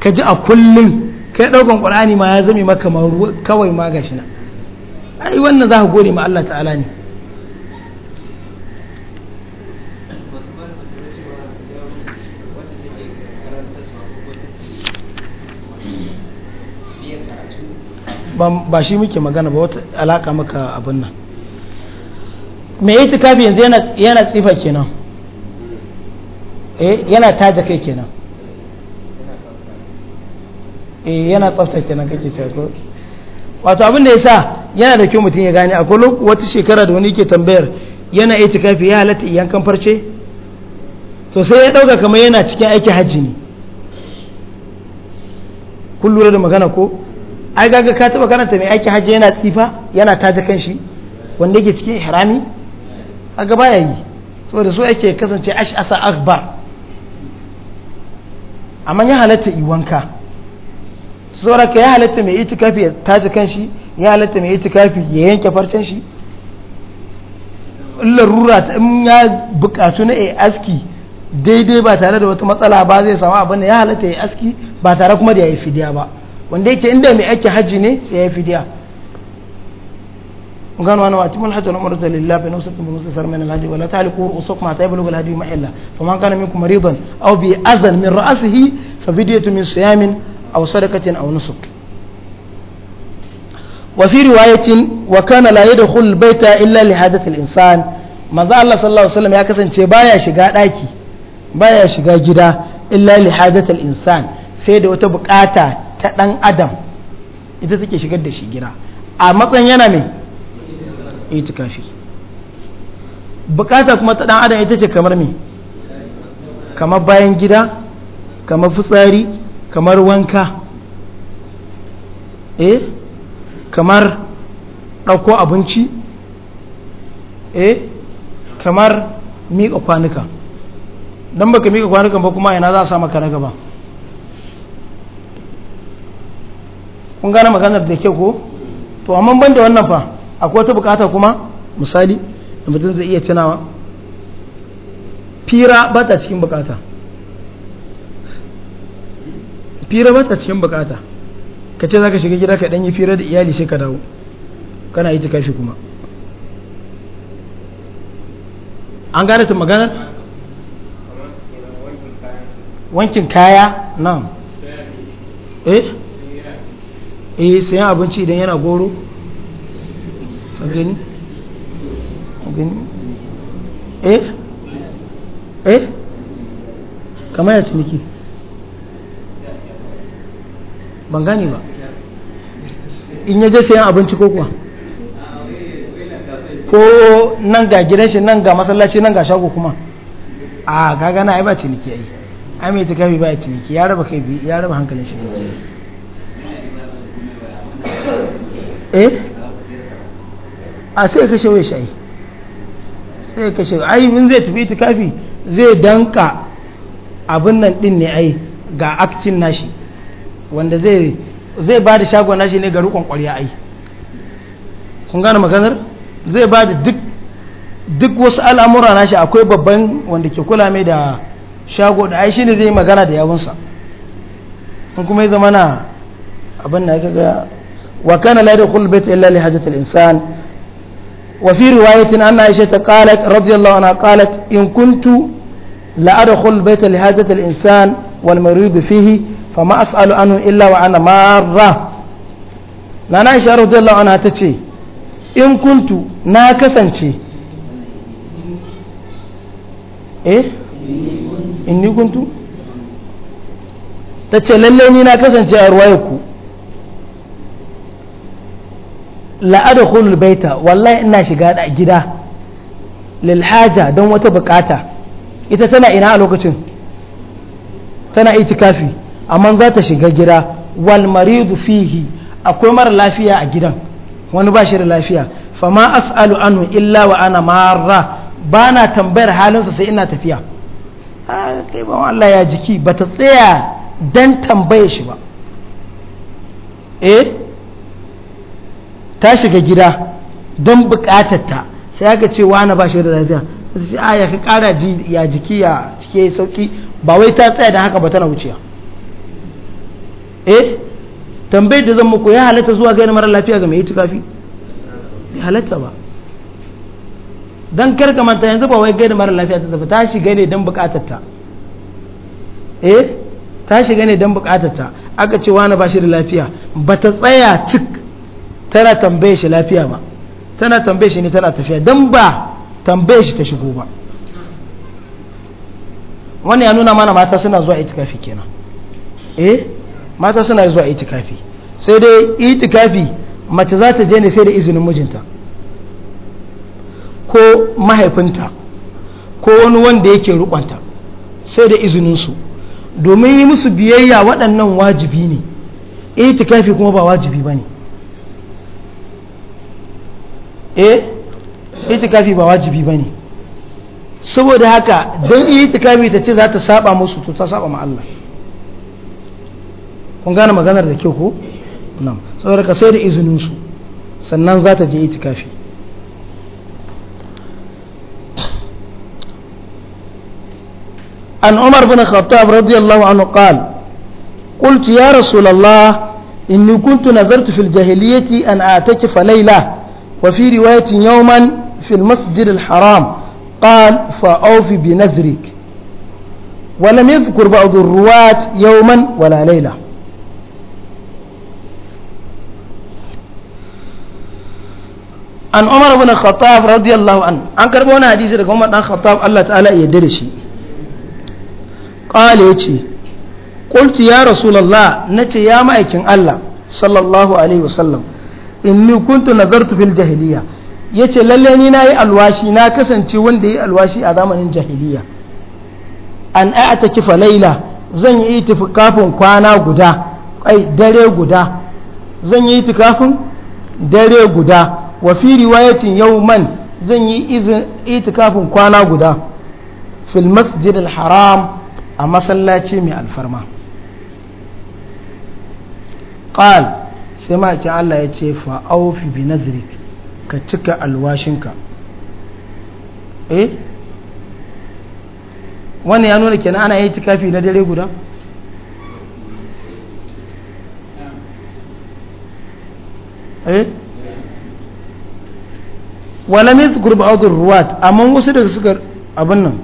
ka ji a kullum kai ɗaukan ƙwarani ma ya zame maka kawai ma gashi na ai wannan za ka gode ma Allah ta'ala ne ba shi muke magana ba wata alaka maka abin nan mai yi tukafi yanzu yana tsifa kenan eh yana taja kai kenan eh yana tsafta kenan kake cewa wato abin da ya sa yana da kyau mutum ya gane akwai wata shekara da wani ke tambayar yana itikafi ya halatta kan farce to sai ya dauka kamar yana cikin aiki hajji ne kun lura da magana ko ai gaga ka taba karanta mai aiki hajji yana tsifa yana taje kanshi wanda yake cikin ihrami kaga baya yi saboda so yake kasance ash'asa akbar amma ya halatta iwanka wanka tsoraka ya halatta mai itikafi ya taji kanshi ya halatta mai itikafi ya yanke farcen shi larura ta in ya bukatu na aski daidai ba tare da wata matsala ba zai samu abin ya halatta ya aski ba tare kuma da ya yi fidiya ba wanda yake inda mai ake hajji ne sai ya yi fidiya قالوا انا واتم الحج والعمرة ra'asihi fa bidiyatu min siyamin أو صدقة أو نسك وفي رواية وكان لا يدخل البيت إلا لحاجة الإنسان manzo Allah sallallahu alaihi ya kasance baya shiga daki baya shiga gida illa li hajatil insan sai da wata bukata ta dan adam ita take shigar da shi gida a matsayin yana me bukata kuma ta dan adam ita ce kamar me kamar bayan gida kamar fitsari kamar wanka eh kamar ɗauko abinci eh kamar miƙa kwanuka don baka miƙa kwanukan ba kuma ina za a sa maka na gaba kun gane maganar da ke ko to amma ban da wannan fa akwai wata bukata kuma misali da mutum zai iya tunawa fira ba ta cikin bukata fira ba ta cikin bukata ka ce za ka shiga gida ka yi fira da iyali sai ka dawo kana yi kafi kuma an gane ta magana wankin kaya nan eh eh sayan abinci idan yana goro gani gani eh eh kamar ya ciniki ban gane ba in ya je sayan abinci ko kuwa ko nan ga gidan shi nan ga masallaci nan ga shago kuma a kaga na ai ba ciniki ai ai mai kafi ba ciniki ya raba kai ya raba hankalin shi eh a sai kashe wai shi sai kashe ai mun zai tafi kafi zai danka abin nan din ne ai ga aktin nashi wanda zai ba da shagon nashi ne ga rukun ƙwarya ai kun gane maganar zai ba da duk wasu al'amura nashi akwai babban wanda ke kula mai da shago da ai ne zai magana da yawunsa in kuma yi zama na abin da ya ga wa kana la yadkhul bayt illa li hajati al-insan wa fi riwayatin anna aisha ta qalat radiyallahu anha qalat in kuntu la adkhul bayt li hajati al-insan wal marid fihi fama as'alu anhu illa wa ana marra nana aisha radiyallahu anha ta ce in kuntu na kasance eh inni kuntu ta ce lalle ni na kasance a ruwayarku la'ada hulul baita wallahi ina shiga da gida lilhaja don wata bukata ita tana ina a lokacin tana kafi? amma za ta shiga gida wal maridu fihi akwai mara lafiya a gidan wani ba shi da lafiya fama as'alu anhu illa wa ana marra ba na tambayar halinsa sai ina tafiya kai ba Allah ya jiki ba ta tsaya dan tambaye shi ba eh ta shiga gida don bukatarta sai aka ce wa na ba shi da lafiya sai a ya fi kara ya jiki ya cike sauki ba wai ta tsaya da haka ba tana wuciya eh tambayar da zan muku ya halatta zuwa ga mara lafiya ga mai itikafi ya halatta ba don karka manta yanzu ba wai gaida mara lafiya ta tafi ta shiga ne don bukatar eh ta shiga ne don bukatar aka ce wani ba shi da lafiya ba ta tsaya cik tana tambaye shi lafiya ba tana tambaye shi ne tana tafiya don ba tambaye shi ta shigo ba Wani ya nuna mana mata suna zuwa itikafi kenan eh mata suna zuwa itikafi sai dai itikafi mace za ta je ne sai da izinin mijinta ko mahaifinta ko wani wanda yake rukonta sai da izininsu domin yi musu biyayya waɗannan wajibi ne itikafi kuma ba wajibi ba ne eh itikafi ba wajibi ba ne saboda haka don itikafi ta ce za ta saba musu to ta saba ma Allah kun gane maganar da kyau ko nan saboda ka sai da izinin su sannan za ta je itikafi an umar bin khattab radiyallahu anhu qal قلت يا رسول الله إني كنت نذرت في الجاهلية أن أعتكف ليلة وفي رواية يوما في المسجد الحرام قال فأوفي بنذرك ولم يذكر بعض الرواة يوما ولا ليلة an umar ibn khattab radiyallahu an an karbo wani hadisi daga umar dan khattab Allah ta'ala ya yarda da shi qala yace qultu ya rasulullah nace ya ma'aikin Allah sallallahu alaihi wasallam inni kuntu nazartu fil jahiliya yace lalle ni nayi alwashi na kasance wanda yi alwashi a zamanin jahiliya an a'ata fa laila zan yi itikafin kwana guda ai dare guda zan yi itikafin dare guda wa fi riwayatin yawman zan yi izin itikafin kwana guda fil masjid al-haram a masallaci mai alfarma qal sai ma'aikin Allah ya ce fa aufi bi nazrik ka cika alwashinka eh wannan ya nuna kenan ana yi tikafi na dare guda eh walam yadhkur ba'd ruwat amma wasu daga suka abin nan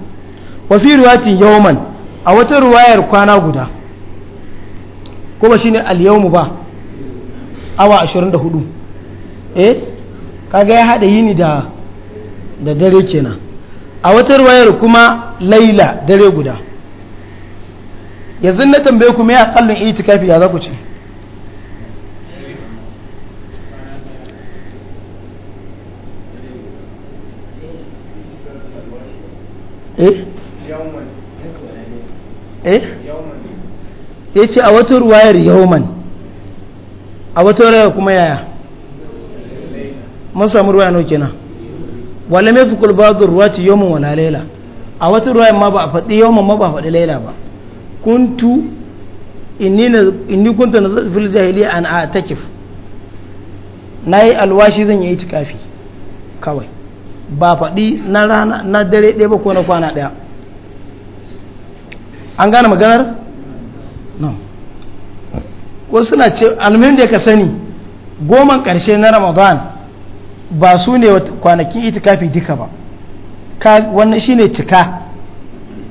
wa fi ruwati yawman a wata ruwayar kwana guda ko ba shine al yawmu ba awa 24 eh kaga ya hada yini da da dare kenan a wata ruwayar kuma laila dare guda yanzu na tambaye ku me kallon itikafi ya za ku ce eh eh ya ce a wata ruwayar yawman a wata ruwayar kuma yaya mun samu ruwaya nauke na wala mai fi kulbazin ruwa ce yawman wala laila a wata ruwayar ma ba a faɗi yawman ma ba a faɗi laila ba kuntu inni kunta na zafil jahiliya an a takif na yi alwashi zan yi tukafi kawai ba faɗi na rana na dare ɗaya ba ko na kwana ɗaya an gane maganar? no wasu suna ce almin da ka sani goman ƙarshe na ramadan ba su ne kwanakin itikafi duka ba wannan shine cika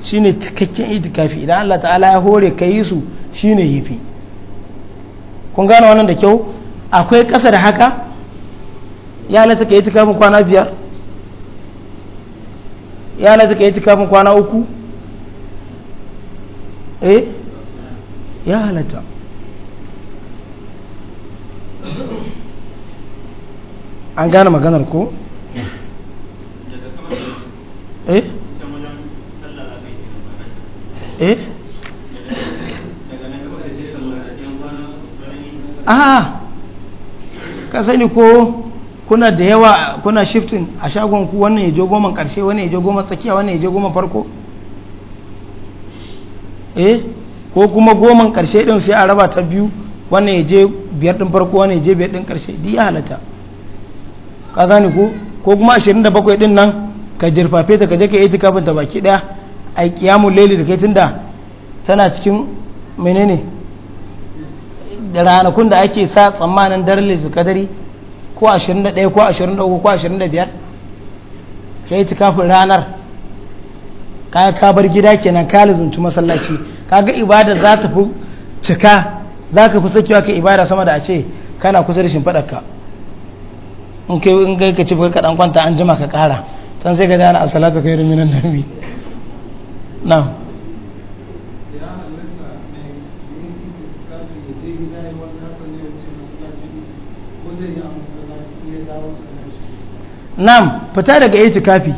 shine cikakken itikafi idan Allah ta'ala ya hore ka yi su shine fi kun gane wannan da kyau akwai ƙasa da haka ya halatta ka yi itikafin kwana biyar yana na suka yi kafin kwana uku eh ya halatta an gane maganar ko eh eh ah ka sani ko kuna da yawa kuna shiftin a shagon ku wannan ya je goma karshe wannan ya je goma tsakiya wannan ya je goma farko eh ko kuma goman karshe din sai a raba ta biyu wannan ya je biyar din farko wannan ya je biyar din karshe duk ya halatta ka gane ko ko kuma 27 din nan ka jirfafe ta ka je ka yi tikafin ta baki daya yi kiyamun laili da kai tunda tana cikin menene da ranakun da ake sa tsammanin daren lailatul kadari. ko 21 ko 23 ko 25 kai kafin ranar ka ka bar gida kenan ka lazumci masallaci kaga ibada za ta fi cika za ka fi sakewa ka ibada sama da a ce kana kusa da ka. in kai in kai ka ci ka dan kwanta an jima ka kara san sai ka dana a salatu kai ruminan nabi na'am nam fita daga itikafi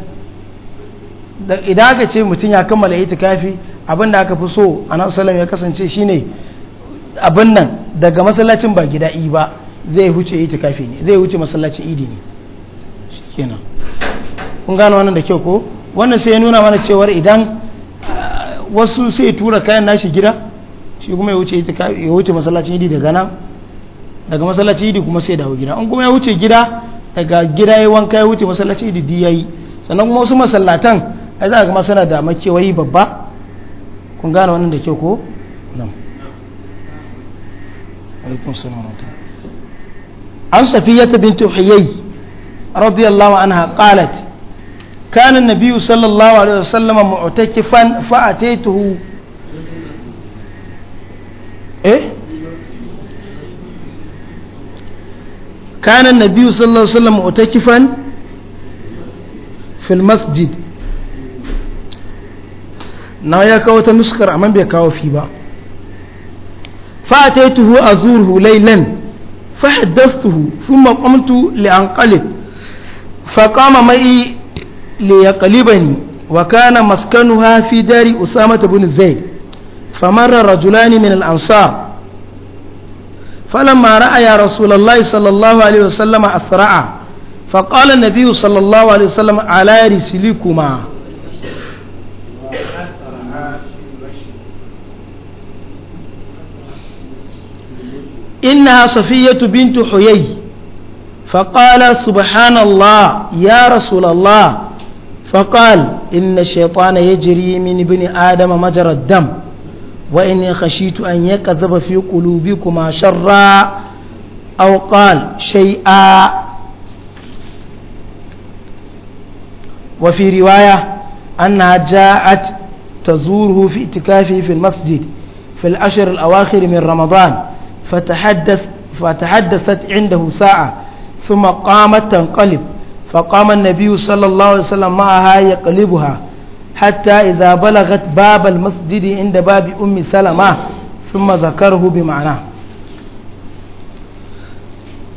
idan aka ce mutum ya kammala itikafi abin da aka fi so a nan salam ya kasance shine abin nan daga masallacin ba gida i ba zai huce itikafi ne zai huce masallacin idi ne shikenan kun gano wannan da kyau ko wannan sai ya nuna mana cewar idan ah, wasu sai tura kayan nashi gida shi kuma ya wuce ya masallacin idi daga nan daga masallacin idi kuma sai dawo gida in kuma ya wuce gida daga gida ya wanka ya wuce masallaci ididi ya yi sannan kuma wasu masallatan ai za a gama suna da makewayi babba kun gane wannan da kyau ko nan alaikun sanarauta an safiya binti huyai radiyallahu anha qalat كان النبي صلى الله عليه وسلم معتكفا فأتيته eh كان النبي صلى الله عليه وسلم معتكفا في المسجد na ya kawo ta nuskar amma bai kawo fi ba fa'ataituhu azurhu laylan fahaddathtuhu thumma qamtu li'anqalib faqama ma'i liyaqlibani wa kana maskanuha fi dari usama ibn zaid famarra rajulani min al-ansar فلما رأى رسول الله صلى الله عليه وسلم أسرع فقال النبي صلى الله عليه وسلم على رسلكما إنها صفية بنت حيي فقال سبحان الله يا رسول الله فقال إن الشيطان يجري من ابن آدم مجرى الدم وإني خشيت أن يكذب في قلوبكما شرا أو قال شيئا وفي رواية أنها جاءت تزوره في اعتكافه في المسجد في الأشهر الأواخر من رمضان فتحدث فتحدثت عنده ساعة ثم قامت تنقلب فقام النبي صلى الله عليه وسلم معها يقلبها hatta idza balagat babal masjidi inda babi ummi salama thumma zakarhu bi ma'ana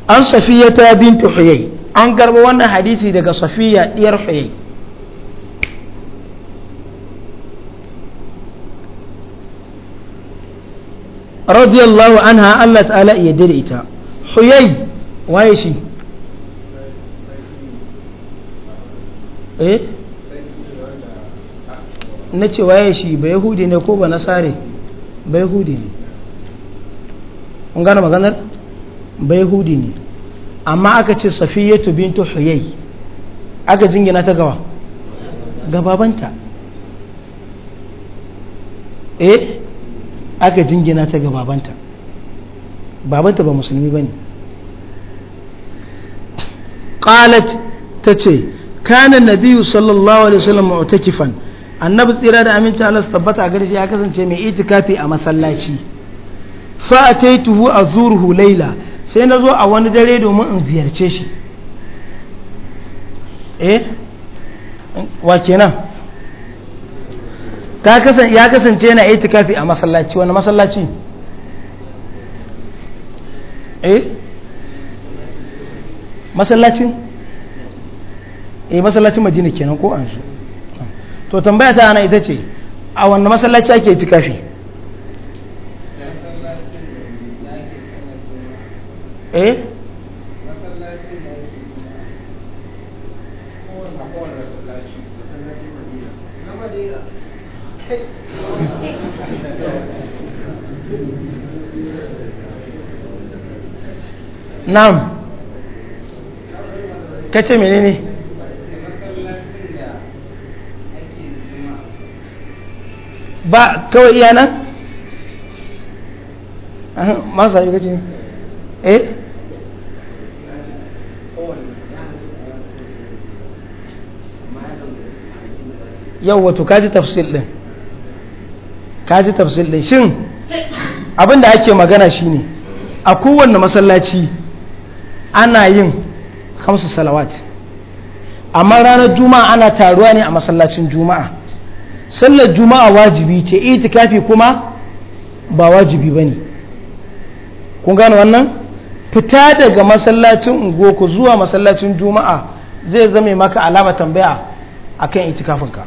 an safiya ta bintu huyai an garba wannan hadisi daga safiya diyar huyai radiyallahu anha Allah ta'ala iya dade ita huyai waye shi na ce waye shi ba yahudi ne ko ba nasare ba yahudi ne kun gane maganar ba yahudi ne amma aka ce safiyatu bintu huyai aka jingina ta gawa gababanta eh aka jingina ta gababanta babanta ba musulmi ba ne qalat ta ce kanan nabiyu sallallahu alaihi wasallam mu'takifan annabi tsira da aminci Allah su tabbata a garshe ya kasance mai itikafi a masallaci fa ataituhu azuruhu laila sai na zo a wani dare domin in ziyarce shi eh wa kenan ka kasan ya kasance yana itikafi a masallaci wani masallaci eh masallacin eh masallacin madina kenan ko anzu. to tambaya ta ana ita ce a wanda masallaci ake ci kafi. Eh? na'am kace menene ba kawai iya nan masu sami kace eh yau wato kaji tafsir din kaji tafsir din shin abinda ake magana shine a kowanne masallaci ana yin hamsu salawat amma ranar juma'a ana taruwa ne a masallacin juma'a sallar juma'a wajibi ce itikafi kuma ba wajibi ba ne kun gane wannan fita daga masallacin ungoku zuwa masallacin juma'a zai zame maka alama tambaya akan itikafinka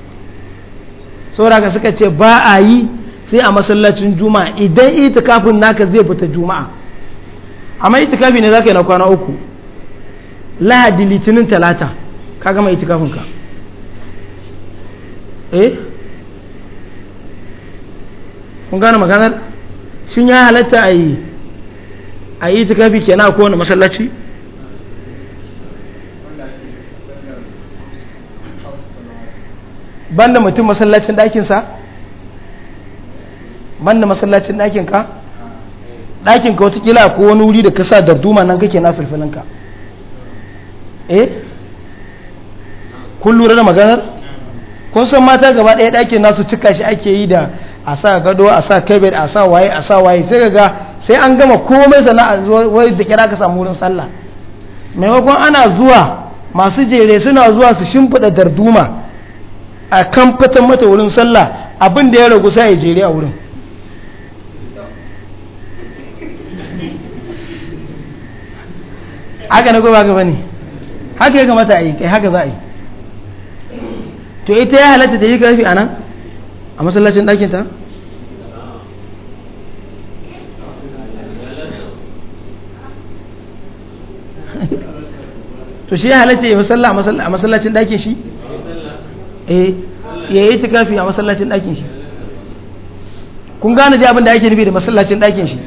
saboda suka ce ba a yi sai a masallacin juma'a idan itikafin naka zai fita juma'a amma itikafi ne za ka yi na kwana uku lahadi litinin talata ka gama itikafinka eh kun gane maganar shin ya halatta a yi a yi ta kafi kenan na kowane masallaci banda mutum masallacin ɗakinsa banda masallacin ɗakinka ɗakinka watakila ko wani wuri da ka sa darduma nan kake na filfilinka eh kun lura da maganar kun san mata gaba ɗaya ɗakin nasu cika shi ake yi da a sa gado a sa kabir a sa waye a sa waye sai ga sai an gama komai sana'a wai da kira ka samu wurin sallah maimakon ana zuwa masu jere suna zuwa su shimfiɗa darduma a kan fatan mata wurin sallah abin da ya ragu sai ya jere a wurin haka na gaba gaba ne haka ya kamata a yi kai haka za a yi to ita ya halatta ta yi karfi a nan a masallacin ɗakinta to shi ya halatta ya masalla a masallacin ɗakin shi eh ya yi tukafi a masallacin ɗakin shi kun gane da abin da ake nufi da masallacin ɗakin shi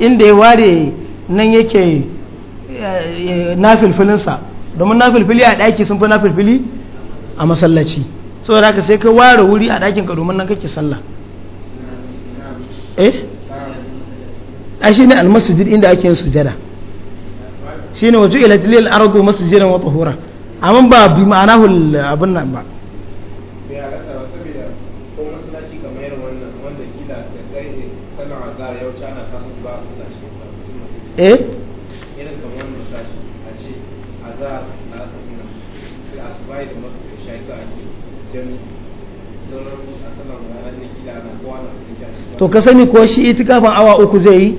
inda ya ware nan yake eh, eh, na filfilinsa domin na filfili a ɗaki sun fi na filfili a masallaci saboda haka sai ka ware wuri a ɗakin ka domin nan kake sallah eh ashe ne almasjid inda ake yin sujada shine wajo ila dalil ardu masjidan wa tahura amma ba bi ma'anahu abin nan ba eh irin kamar misali a ce a za a asibiti a su bayi da to ka sani ko shi itikafin awa uku zai yi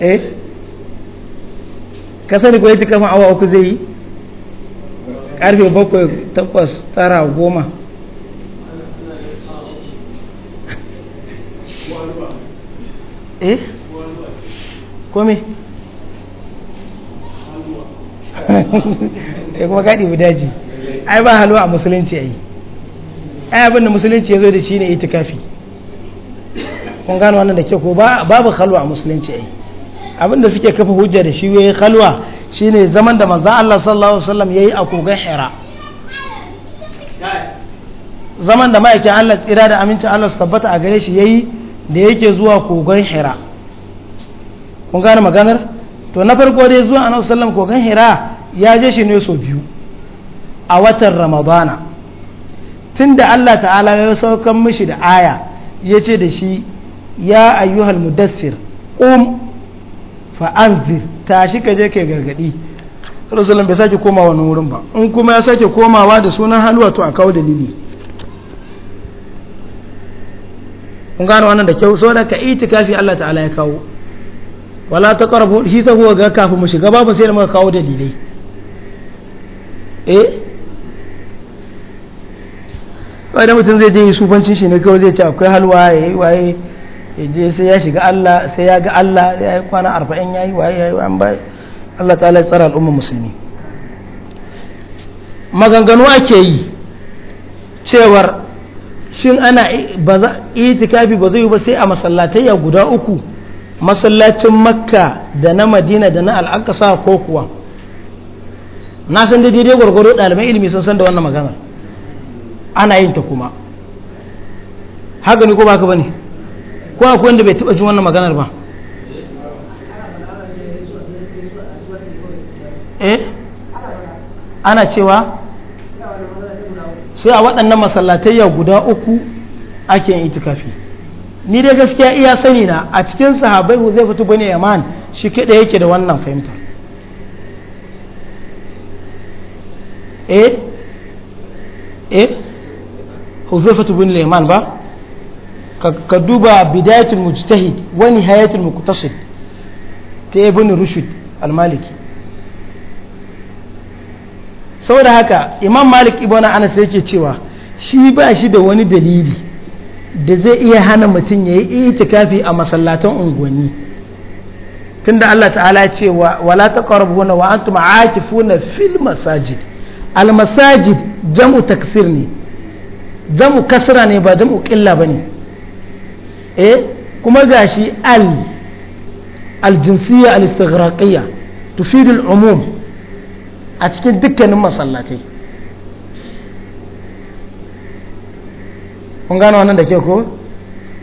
eh ka sani ko itikafin awa uku zai yi karfe bakwai takwas tara goma eh kome ya eh, kuma gadi bu daji ai ba halwa a musulunci ai ai abin da musulunci ya da shi ne itikafi kun gano wannan da ke ko babu halwa a musulunci ai abin da suke kafa hujja da shi wai halwa shine zaman da manzo Allah sallallahu alaihi wasallam yayi a kogan Hira zaman da ma'aikin Allah tsira da aminci Allah su tabbata a gare shi yayi da yake zuwa kogan Hira kun gane maganar to na farko dai zuwa annabi sallam kogan hira ya je shi ne so biyu a watan ramadana tunda Allah ta'ala ya saukan mishi da aya ya ce da shi ya ayyuhal mudassir qum fa anzir tashi ka je kai gargadi rasulun bai sake komawa wani wurin ba in kuma ya sake komawa da sunan halwa to a kawo dalili kun gano wannan da kyau so da ka itikafi Allah ta'ala ya kawo wala ta ƙarfi shi ta kuwa ga kafin mu shiga babu sai da muka kawo dalilai eh kawai da mutum zai je yi sufancin shi ne kawai zai ce akwai halwa ya yi waye ya je sai ya shiga Allah sai ya ga Allah ya yi kwana arba'in ya yi waye ya yi an bai Allah ta ala tsara al'ummar musulmi maganganu ake yi cewar shin ana ba za itikafi ba zai yi ba sai a masallatai ya guda uku masallacin makka da na madina da na al'akasa ko kuwa na san da daidai gwargwaro ɗalibin ilimi sun san da wannan maganar ana yin ta kuma haka ne ko ba ka ba ne ko akwai wanda bai taɓa jin wannan maganar ba eh ana cewa sai a waɗannan masallatai guda uku ake yin itikafi ni dai gaskiya iya sani na a cikin sahabai zai fito bane yaman shi kada yake da wannan fahimta eh eh fito bin yaman ba ka duba bidayatul mujtahid wa nihayatul muqtasid ta ibn rushd al-maliki saboda haka imam malik ibn anas yake cewa shi ba shi da wani dalili da zai iya hana mutum ya yi itikafi a masallatan unguwanni tunda Allah ta'ala ce wa wala taqrabuna wa antum aakifuna fil masajid al masajid jam'u taksir ne jam'u kasra ne ba jam'u qilla bane eh kuma gashi al al jinsiyya al istighraqiyya tufidu al umum a cikin dukkanin masallatai kun gano wannan da ke ko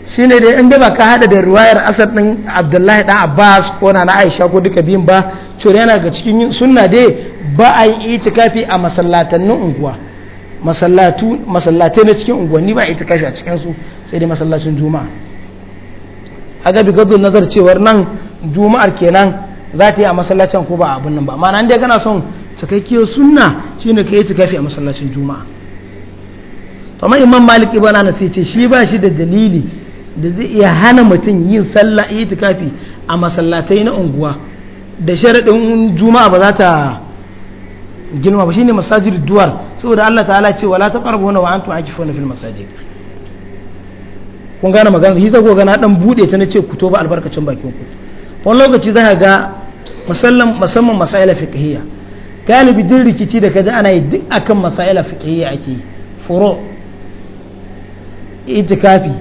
shi ne dai inda ba ka hada da ruwayar asar ɗin abdullahi ɗan abbas ko na aisha ko duka biyun ba cewa yana ga cikin sunna dai ba a yi itikafi a masallatannin unguwa masallatai na cikin unguwanni ba a itikafi a cikinsu sai dai masallacin juma'a A bi gado nazar cewar nan juma'ar kenan za ta yi a masallacin ko ba abun nan ba ma'ana inda kana son cikakkiyar sunna ne ka yi itikafi a masallacin juma'a amma imam malik ibn anas ce shi ba shi da dalili da zai iya hana mutum yin sallah itikafi a masallatai na unguwa da sharaɗin juma'a ba za ta girma ba shine masajid duwar saboda Allah ta'ala ce wala taqrabuna wa antum akifuna fil masajid kun gane magana shi zago gana dan bude ta nace ku ba albarkacin bakin ku wani lokaci zaka ga musallam musamman masaila fiqhiyya galibi din rikici da kaji ana yi duk akan masaila fiqhiyya ake furu itikafi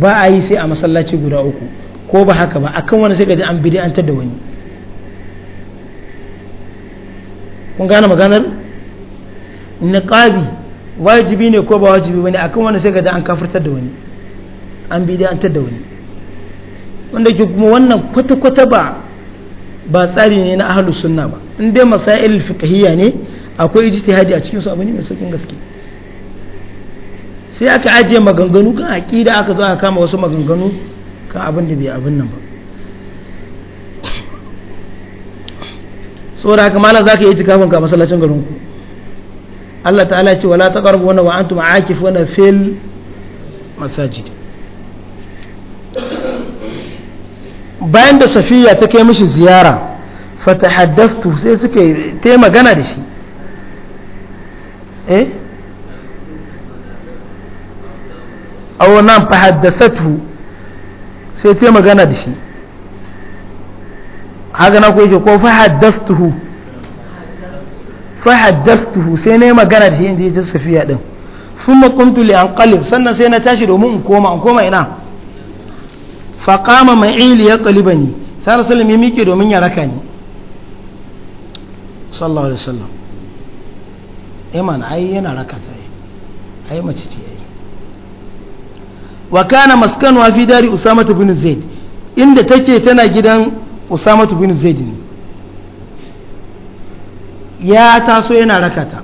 ba a yi sai a masallaci guda uku ko ba haka ba akan wani sai ka ji an tada da wani kun gane maganar niqabi wajibi ne ko ba wajibi bane akan wani sai ka an kafirtar da wani an an da wani wanda ke kuma wannan kwata kwata ba ba tsari ne na ahlus sunna ba in dai masail fiqhiyya ne akwai ijtihadi a cikin su abu ne mai saukin gaske sai aka ajiye maganganu kan aƙida aka zo aka kama wasu maganganu kan abin da bai abin nan ba saboda haka za zaka yi tikafin ka masallacin garin ku Allah ta'ala ya ce wala taqrabu wannan wa antum aakifuna fil masajid bayan da safiya ta kai mishi ziyara fatahaddathtu sai suke ta magana da shi eh aw nan fa haddathatu sai ta magana da shi haka na kuwa ko fa haddathtuhu fa haddathtuhu sai ne magana da shi inda yake safiya din thumma qumtu li anqalib sannan sai na tashi domin in koma in koma ina fa qama ma'il ya qalibani sai rasulullah ya miƙe domin ya raka ni sallallahu alaihi wasallam eh man ai yana raka ta ai mace ce wa kana maskanuha fi dari usama bin zaid inda take tana gidan usama bin zaid ne ya taso yana rakata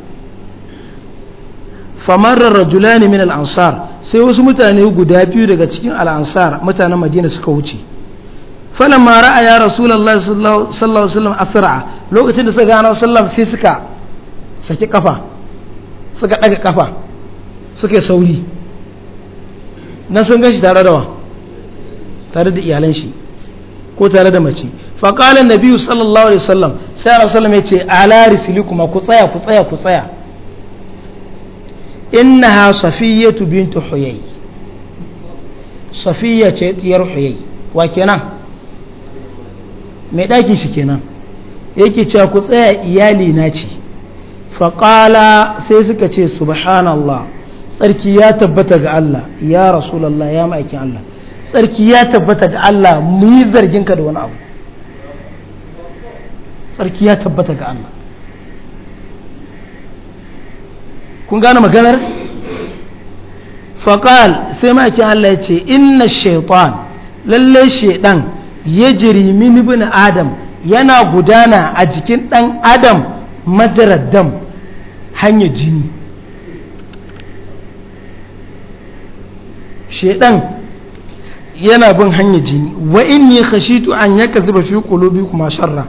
famarar rajulani min al'ansar sai wasu mutane guda biyu daga cikin al'ansar mutanen madina suka wuce falon ma ya rasulallah sallallahu alaihi asira lokacin da suka gano sallam sai suka saki kafa suka daga kafa suka sauri na sun shi tare da wa tare da iyalan shi ko tare da mace faƙalan na biyu sallallahu alaihi wasallam sai alaihi sallam ya ce ala risili ku tsaya ku tsaya ku tsaya inna ha safiyyatu bintu huyai safiya ce tiyar huyai wa kenan mai ɗakin shi kenan yake cewa ku tsaya iyali na ce faƙala sai suka ce subhanallah tsarki ya tabbata ga Allah ya rasulallah ya ma'aikin Allah tsarki ya tabbata ga Allah mu yi zargin ka da wani abu tsarki ya tabbata ga Allah kun gane maganar faƙal sai ma'aikin Allah ya ce inna shaitan lallai shaitan ya jiri mini ibn adam yana gudana a jikin ɗan adam majarar dam hanyar jini shedan yana bin hanyar jini wa inni khashitu an yakziba fi kuma sharra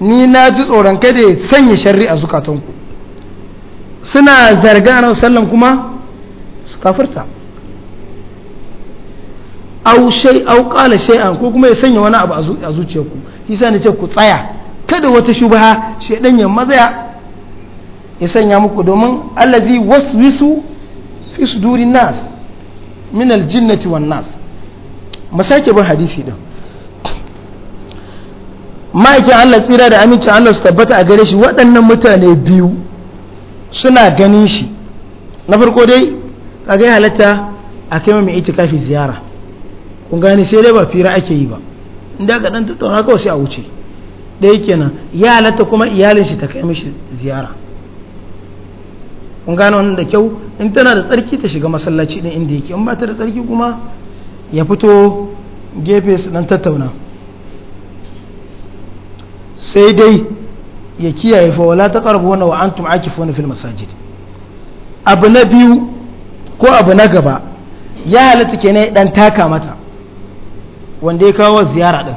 ni na ji tsoron kada ya sanya sharri a zukatanku suna zarga na sallan kuma su kafirta au shay au qala shay'an ko kuma ya sanya wani abu a zuciyarku yasa ne ce ku tsaya kada wata shubha shedan ya mazaya ya sanya muku domin allazi waswisu fi sudurin nas min aljinnati wan nas mu sake bin hadisi din ma'aikin Allah tsira da amincin Allah su tabbata a gare shi waɗannan mutane biyu suna ganin shi na farko dai kaga halatta a kai mai itikafi ziyara kun sai dai ba fira ake yi ba inda ka dan tattauna kawai sai a wuce ɗaya kenan ya halatta kuma iyalin shi ta kai mishi ziyara kun gane wannan da kyau in tana da tsarki ta shiga masallaci din inda yake in ba ta da tsarki kuma ya fito gefe su dan tattauna sai dai ya kiyaye fa wala ta taqrabu wa antum akifuna fil masajid abu na biyu ko abu na gaba ya halatta kenan dan taka mata wanda ya kawo ziyara din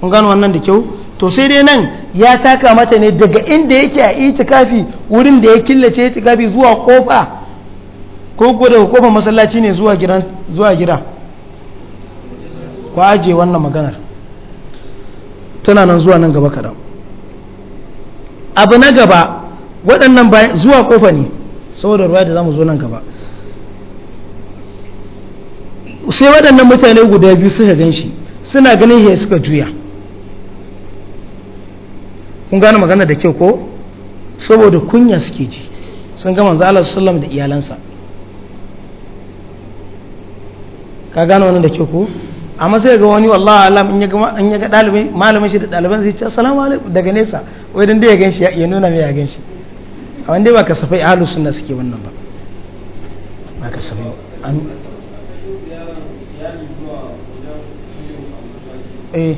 kun gano wannan da kyau to sai dai nan ya taka mata ne daga inda yake a itikafi wurin da ya killace itikafi zuwa kofa ko ko daga kofar masallaci ne zuwa gidan zuwa gida ku aje wannan maganar tana nan zuwa nan gaba kaɗan abu na gaba waɗannan bayan zuwa kofa ne saboda ruwa da za mu zo nan gaba sai waɗannan mutane guda biyu suka gan shi suna ganin ya suka juya kun gane magana da kyau ko saboda kunya suke ji sun ga manzo Allah sallam da iyalansa ka gane wannan da kyau ko amma sai ga wani wallahi alam in ya ga in ya ga dalibi malamin shi da daliban zai ce assalamu alaikum daga nesa wai dan da ya ganshi ya nuna mai ya ganshi a wanda ba kasafai ahlus sunna suke wannan ba ba kasafai an eh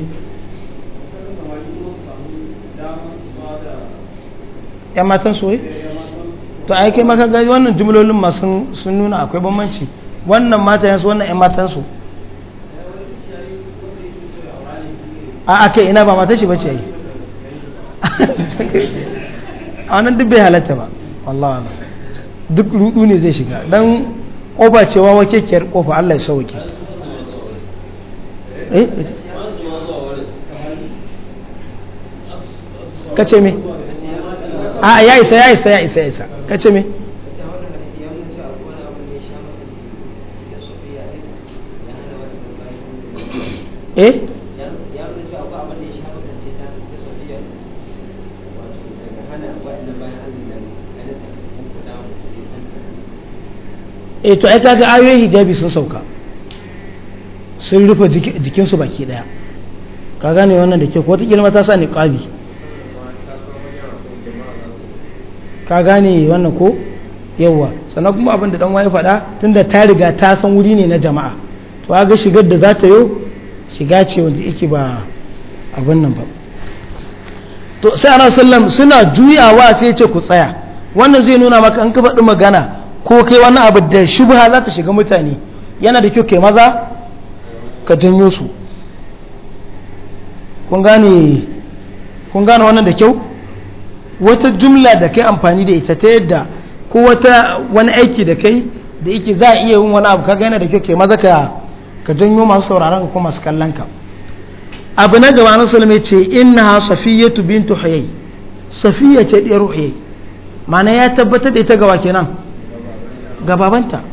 'yan matan soye to aiki kai maka gari wannan jumlolin ma sun nuna akwai bambanci wannan matan yansu wannan 'yan matan su a ake ina ba matan shi ba ce yi a wannan duk bai halatta ba wallah wallah duk rudu ne zai shiga dan kofa cewa wake kiyar kofa Allah ya sauke eh? ka ce me a ya isa ya isa ya isa ya isa ka ce me eh e to ai kaga ayoyin hijabi sun sauka sun rufe jikinsu baki daya ka gane wannan da ke ko ta girma ta sa niqabi ka gane wannan ko yawa sannan kuma abin da dan waye faɗa tunda ta riga ta san wuri ne na jama'a to ga shigar da za ta yi shiga ce wanda yake ba abin nan ba to sai ana sallam suna juyawa sai ya ce ku tsaya wannan zai nuna maka an ka faɗi magana ko kai wani abu da shubha za ta shiga mutane yana da kyau kai maza ka janyo su kun gane kun gane wannan da kyau wata jumla da kai amfani da ita ta yadda ko wata wani aiki da kai da yake za a iya yin wani abu kaga yana da kyau kai maza ka ka janyo masu sauraron ka ko masu kallon ka abu na gaba na sulme ce inna safiyatu bintu huyay safiya ce ɗiyar huyay ma'ana ya tabbatar da ita gaba kenan ga babanta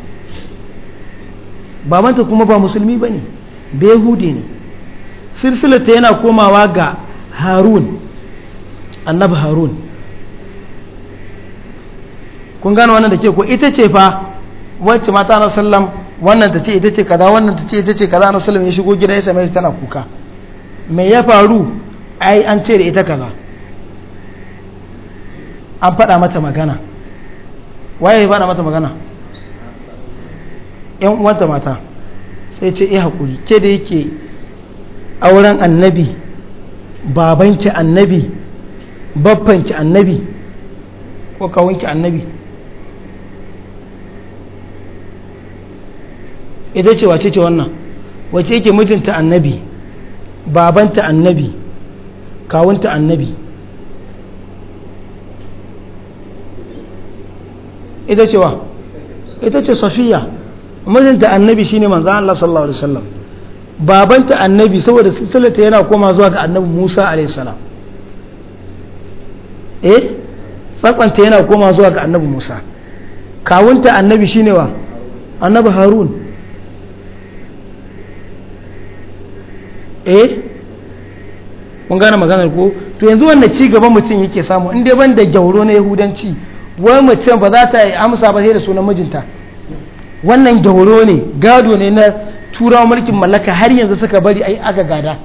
kuma ba musulmi ba ne behudi ne silsilata yana komawa ga harun annabi harun kun gane wannan da ke ko ita ce fa wacce mata na sallam wannan ta ce ita ce kaza wannan ta ce ita ce kaza na sallam ya shigo gida ya same tana kuka me ya faru ai an ce da ita kaza an faɗa mata magana waye ya faɗa mata magana yan uwanta mata sai ce ya eh, haƙuri ke da yake auren annabi babanki annabi babbanki annabi ko kawunki annabi ita ce wace ce wannan wace yake mijinta annabi babanta annabi kawunta annabi ita ce wa ita ce safiya mijinta annabi shine manzo Allah sallallahu alaihi wasallam babanta annabi saboda silsilata yana koma zuwa ga annabi Musa alaihi salam eh tsatsanta yana koma zuwa ga annabi Musa kawunta annabi shine wa annabi Harun eh mun gane maganar ko to yanzu wanda ci gaba mutum yake samu inda dai ban da gyauro na yahudanci wai mutum ba za ta amsa ba sai da sunan mijinta wannan gyauro ne gado ne na turawa mulkin mallaka har yanzu suka bari ai aka gada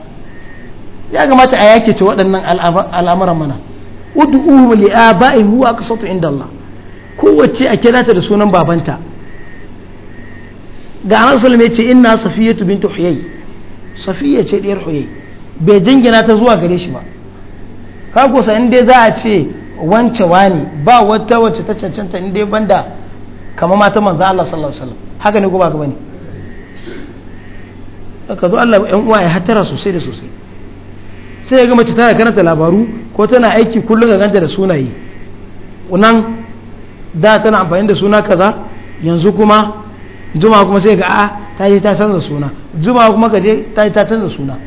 ya kamata a yake ce waɗannan al'amuran mana ud'u li aba'i huwa aqsatu inda Allah kowace a kira ta da sunan babanta ga Annabi sallallahu alaihi wasallam ya ce inna safiyatu bintu huyay safiya ce ɗiyar huyai bai jingina ta zuwa gare shi ba ka kusa inda za a ce wance wani ba wata wacce ta cancanta inda banda kama mata manzan Allah sallallahu alaihi wasallam haka ne ko ba ka bane ka zo Allah yan uwa ya hatara sosai da sosai sai ya ga mace tana karanta labaru ko tana aiki kullum ga ganta da sunaye nan da tana amfani da suna kaza yanzu kuma juma kuma sai ga a ta yi ta canza suna zuma kuma ka je ta yi ta canza suna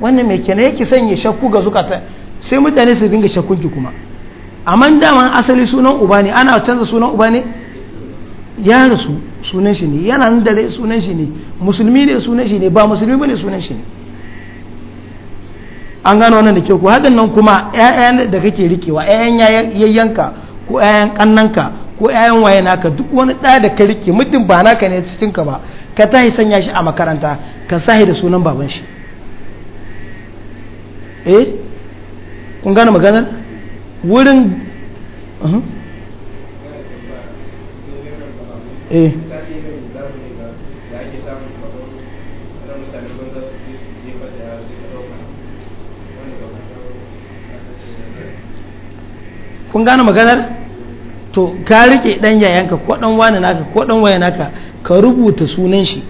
wannan mai kenan yake sanya shakku ga zukata sai mutane su dinga shakkunki kuma amma daman asali sunan uba ne ana canza sunan uba ne ya rasu sunan shi ne yana nan dare sunan shi ne musulmi ne sunan shi ne ba musulmi bane sunan shi ne an gano wannan da kyau ko hakan nan kuma ƴaƴan da kake rikewa ƴaƴan yayyanka ko ƴaƴan kannanka ko ƴaƴan waye naka duk wani ɗa da ka rike muddin ba naka ne cikin ka ba ka tahi sanya shi a makaranta ka sahi da sunan baban shi eh kun gane maganar wurin uh-huh. eh kun gane maganar to ka rike dan yayanka ko dan wani naka ko dan waya naka ka rubuta sunan shi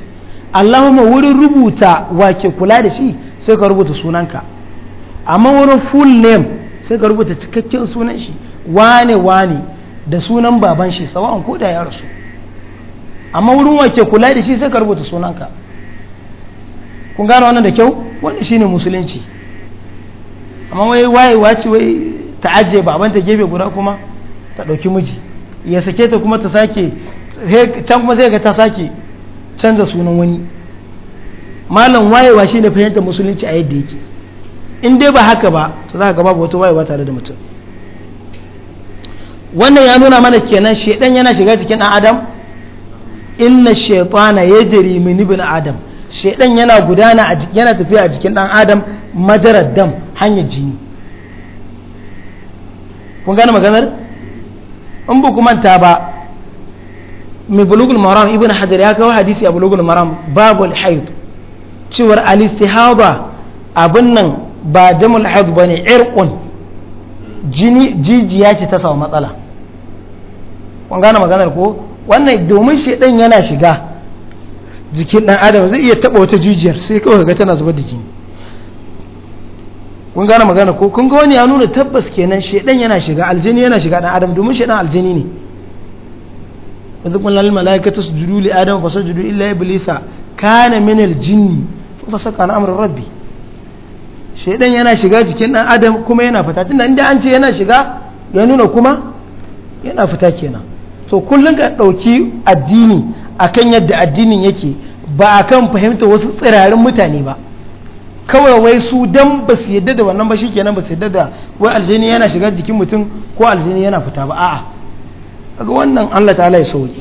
allahumma wurin rubuta wake kula da shi sai ka rubuta sunanka amma wurin full name sai ka rubuta cikakken sunan shi wane wane da sunan baban shi sawa'an ko da ya rasu amma wurin wake kula da shi sai ka rubuta sunanka kun gano wannan da kyau wannan shine musulunci amma wai wayewa ce wai ta'ajje babanta gefe guda kuma ta ɗauki miji ya sake ta kuma ta sake can kuma sai ga ta sake canza sunan wani malam wayewa shi ne fahimtar musulunci a yadda yake in dai ba haka ba to za ka babu wata wayewa tare da mutum wannan ya nuna mana kenan shaidan yana shiga cikin ɗan adam inna shaitana ya jari min ibn adam shaidan yana gudana yana tafiya a jikin ɗan adam majarar dam hanyar jini kun gane maganar in ba ku manta ba mai bulugul maram ibn hajar ya kawo hadisi a bulugul maram babul haid cewar alistihaba abin nan ba damul haid ba ne irkun jijiya ce ta samu matsala kun gane maganar ko wannan domin ɗan yana shiga jikin ɗan adam zai iya taba wata jijiyar sai kawai ga tana zubar da jini kun gane magana ko kun ga wani ya nuna tabbas kenan shedan yana shiga aljini yana shiga dan adam domin shedan aljini ne wanda kun lalma malaikatu sujudu li adam fa sujudu illa iblisa kana min aljinni fa saka an amrun rabbi shedan yana shiga jikin dan adam kuma yana fita tunda inda an ce yana shiga ya nuna kuma yana fita kenan to kullun ka dauki addini akan yadda addinin yake ba akan fahimta wasu tsirarin mutane ba kawai wai su dan ba su yadda da wannan ba shi kenan ba su yadda da wai aljini yana shiga jikin mutum ko aljini yana fita ba a'a kaga wannan Allah ta'ala ya sauke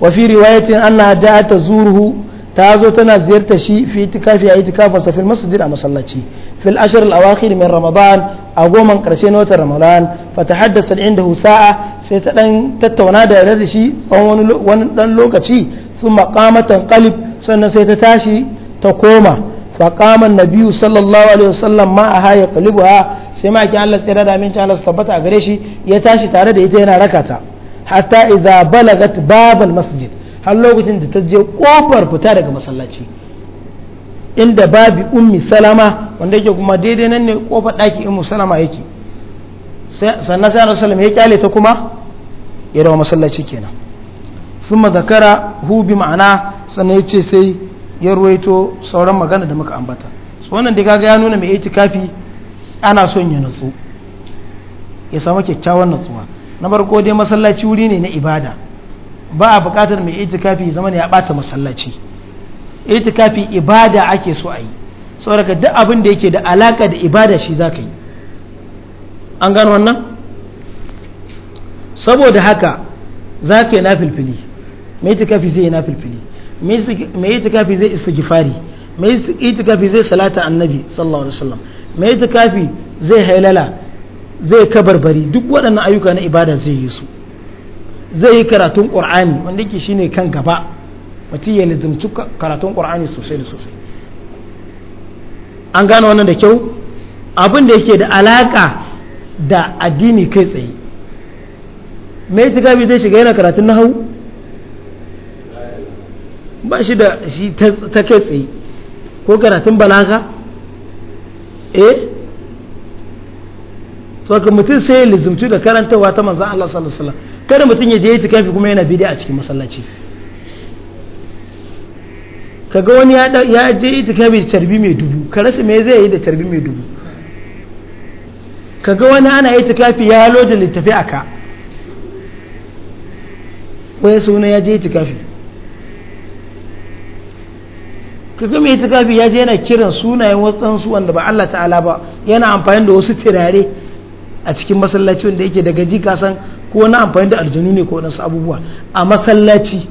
wa fi riwayatin anna ja'at tazuruhu ta zo tana ziyarta shi fi itikafi a itikafin fil masjid a masallaci fil ashr al awakhir min ramadan a goman karshe na watan ramadan fa tahaddatha inda sa'a sai ta dan tattauna da yarda da shi tsawon wani dan lokaci thumma qamatan qalib sannan sai ta tashi ta koma fa qama an-nabiy sallallahu alaihi wasallam ma aha ya qalibuha sai ma ki Allah tsira da aminci Allah tabbata a gare shi ya tashi tare da ita yana rakata hatta idza balagat babal masjid har lokacin da ta je kofar fita daga masallaci inda babi ummi salama wanda yake kuma daidai nan ne kofar ɗaki ummi salama yake sannan sai rasulullah ya kyale ta kuma ya dawo masallaci kenan thumma zakara hu bi ma'ana sannan ya sai ya ruwaito sauran magana da muka ambata wannan da kaga ya nuna mai itikafi ana son ya natsu ya samu kyakkyawan natsuwa na farko dai masallaci wuri ne na ibada ba a buƙatar mai itikafi zama ne ya ɓata masallaci itikafi ibada ake so a yi saboda duk abin da yake da alaka da ibada shi za ka yi an gano wannan saboda haka za ka yi na filfili mai itikafi zai yi na filfili mai itikafi zai istighfari mai itikafi zai salata annabi sallallahu alaihi wasallam mai itikafi zai hailala zai kabarbari duk waɗannan ayyuka na ibada zai yi su zai yi karatun ƙur'ani wanda yake shine kan gaba mutum ya lizimci karatun ƙur'ani sosai da sosai an gano wannan da kyau abin da yake da alaƙa da addini kai tsaye mai tigabi zai shiga yana karatun hau ba shi da shi ta kai tsaye ko karatun balaga eh to ka mutum sai ya lizumtu da karantarwa ta manzan Allah sallallahu alaihi wasallam kada mutum ya je yi tikafi kuma yana bid'a a cikin masallaci kaga wani ya je yi tikafi da carbi mai dubu ka rasa me zai yi da carbi mai dubu kaga wani ana yi tikafi ya da littafi aka wai suna ya je yi tikafi kaga mai tikafi ya je yana kiran sunayen wasu wanda ba Allah ta'ala ba yana amfani da wasu tirare a cikin masallaci wanda yake daga ji ka san ko na amfani da aljanu ne ko wadansu abubuwa a masallaci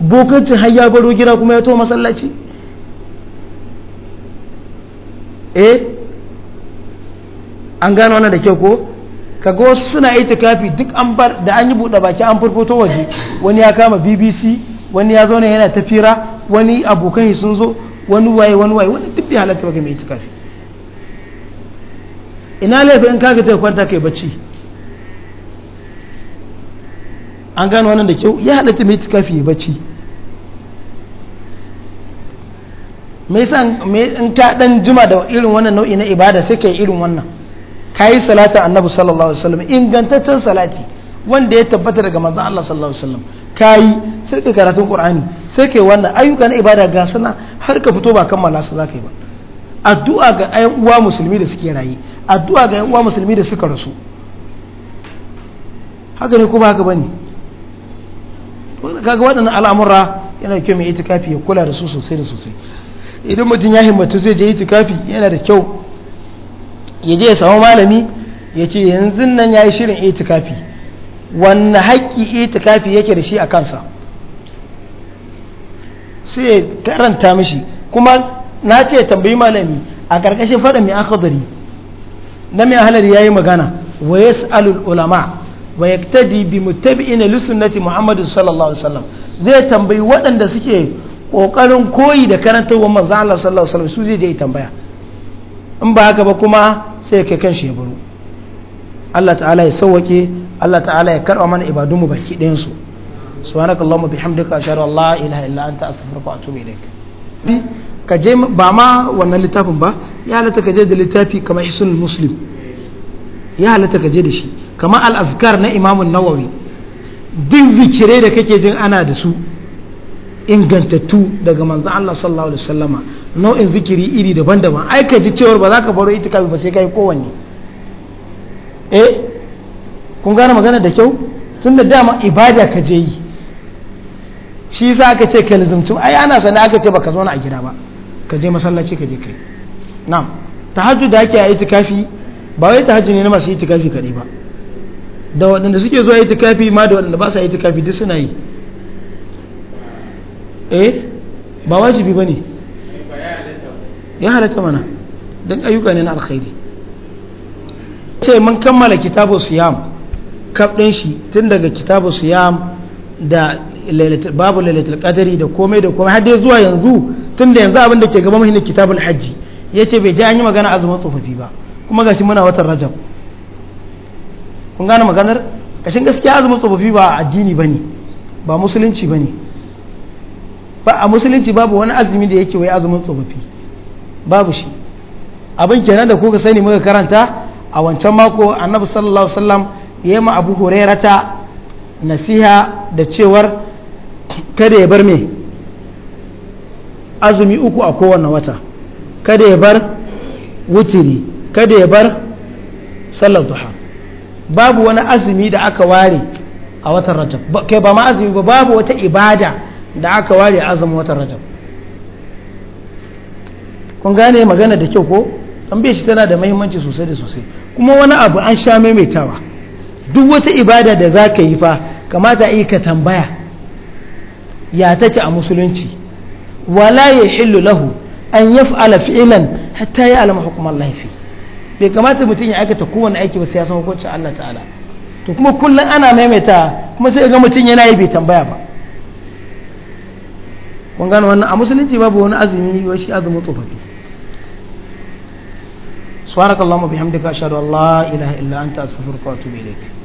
bokacin har ya baro gida kuma ya to masallaci eh an gano wani da kyau ko kaga wasu suna kafi duk an bar da an yi buɗe baki an furfoto waje wani ya kama bbc wani ya zauna yana tafira wani abokan sun zo wani waye wani waye wani duk bai halatta baka mai kafi. ina laifin in kaga ta kwanta kai bacci an gano wannan da kyau ya halatta mai tukafi bacci mai san in ka ɗan jima da irin wannan nau'i na ibada sai kai irin wannan kayi salata annabi sallallahu alaihi wasallam ingantaccen salati wanda ya tabbata daga manzon Allah sallallahu alaihi wasallam kayi sai ka karatun qur'ani sai kai wannan ayyuka na ibada ga sana har ka fito ba kammala su yi ba addu'a ga ayan uwa musulmi da suke rayi addu'a ga ayan uwa musulmi da suka rasu haka ne kuma haka bane kaga waɗannan al'amura yana da kyau mai itikafi ya kula da su sosai da sosai idan mutum ya himmatu zai je itikafi yana da kyau ya je ya samu malami ya ce yanzu nan ya yi shirin itikafi wanne haƙƙi itikafi yake da shi a kansa sai ya karanta mishi kuma na ce tambayi malami a karkashin fada mai akhadari na mai ahalari yi magana wa yas'alul ulama wa yaktadi bi muttabi'ina na sunnati muhammadu sallallahu alaihi wasallam zai tambayi waɗanda suke ƙoƙarin koyi da karantarwa manzo Allah sallallahu alaihi wasallam su zai je tambaya in ba haka ba kuma sai ka kan shi baro Allah ta'ala ya sauwake Allah ta'ala ya karɓa mana ibadunmu baki ɗayan su subhanakallahumma bihamdika ashhadu an la ilaha illa anta astaghfiruka wa atubu ilaik ka je ba ma wannan littafin ba ya halatta ka je da littafi kamar hisun muslim ya halatta ka je da shi kamar al'azkar na imamun nawawi duk zikirai da kake jin ana da su ingantattu daga manzo Allah sallallahu alaihi wasallama nau'in zikiri iri daban-daban ai ka ji ba za ka baro itikafi ba sai kai kowanne eh kun gane magana da kyau tun da dama ibada ka je yi shi za ka ce ka lizumtum ai ana sani aka ce baka zauna a gida ba ka je masallaci ka je kai na'am tahajjud da ake a itikafi ba wai tahajjud ne na masu itikafi kadai ba da waɗanda suke zuwa itikafi ma da waɗanda ba su itikafi duk suna yi eh ba wajibi ba ne ya halatta mana dan ayyuka ne na alkhairi sai mun kammala kitabu siyam kaf shi tun daga kitabu siyam da babu lailatul qadari da komai da komai har dai zuwa yanzu tunda yanzu abin da ke gaba mu kitabul hajji yace bai ji an yi magana azumin tsofaffi ba kuma gashi muna watan rajab kun gane maganar kashin gaskiya azumin tsofaffi ba addini bane ba musulunci bane ba a musulunci babu wani azumi da yake wai azumin tsofaffi babu shi abin kenan da kuka sani muka karanta a wancan mako annabi sallallahu alaihi wasallam ya yi ma abu hurairata nasiha da cewar kada ya bar me azumi uku a kowane wata kada ya bar wutiri kada ya bar sallar duha babu wani azumi da aka ware a watan rajab ke ba ma azumi ba babu wata ibada da aka ware a azumin watan rajab kun gane magana da kyau ko bai shi tana da mahimmanci sosai da sosai kuma wani abu an sha maimaitawa duk wata ibada da za ka yi fa kamata yi ka tambaya ya take a musulunci wala ya hillu lahu an fa'ala fi'lan hatta ya alama hukumar laifi bai kamata mutum ya aikata kowane aiki ba sai ya san hukuncin Allah ta'ala to kuma kullum ana maimaita kuma sai ga mutum yana yi bai tambaya ba kun gano wannan a musulunci babu wani azumi wa shi azumi tsofaffi subhanakallahumma bihamdika ashhadu an la ilaha illa anta astaghfiruka wa atubu ilaik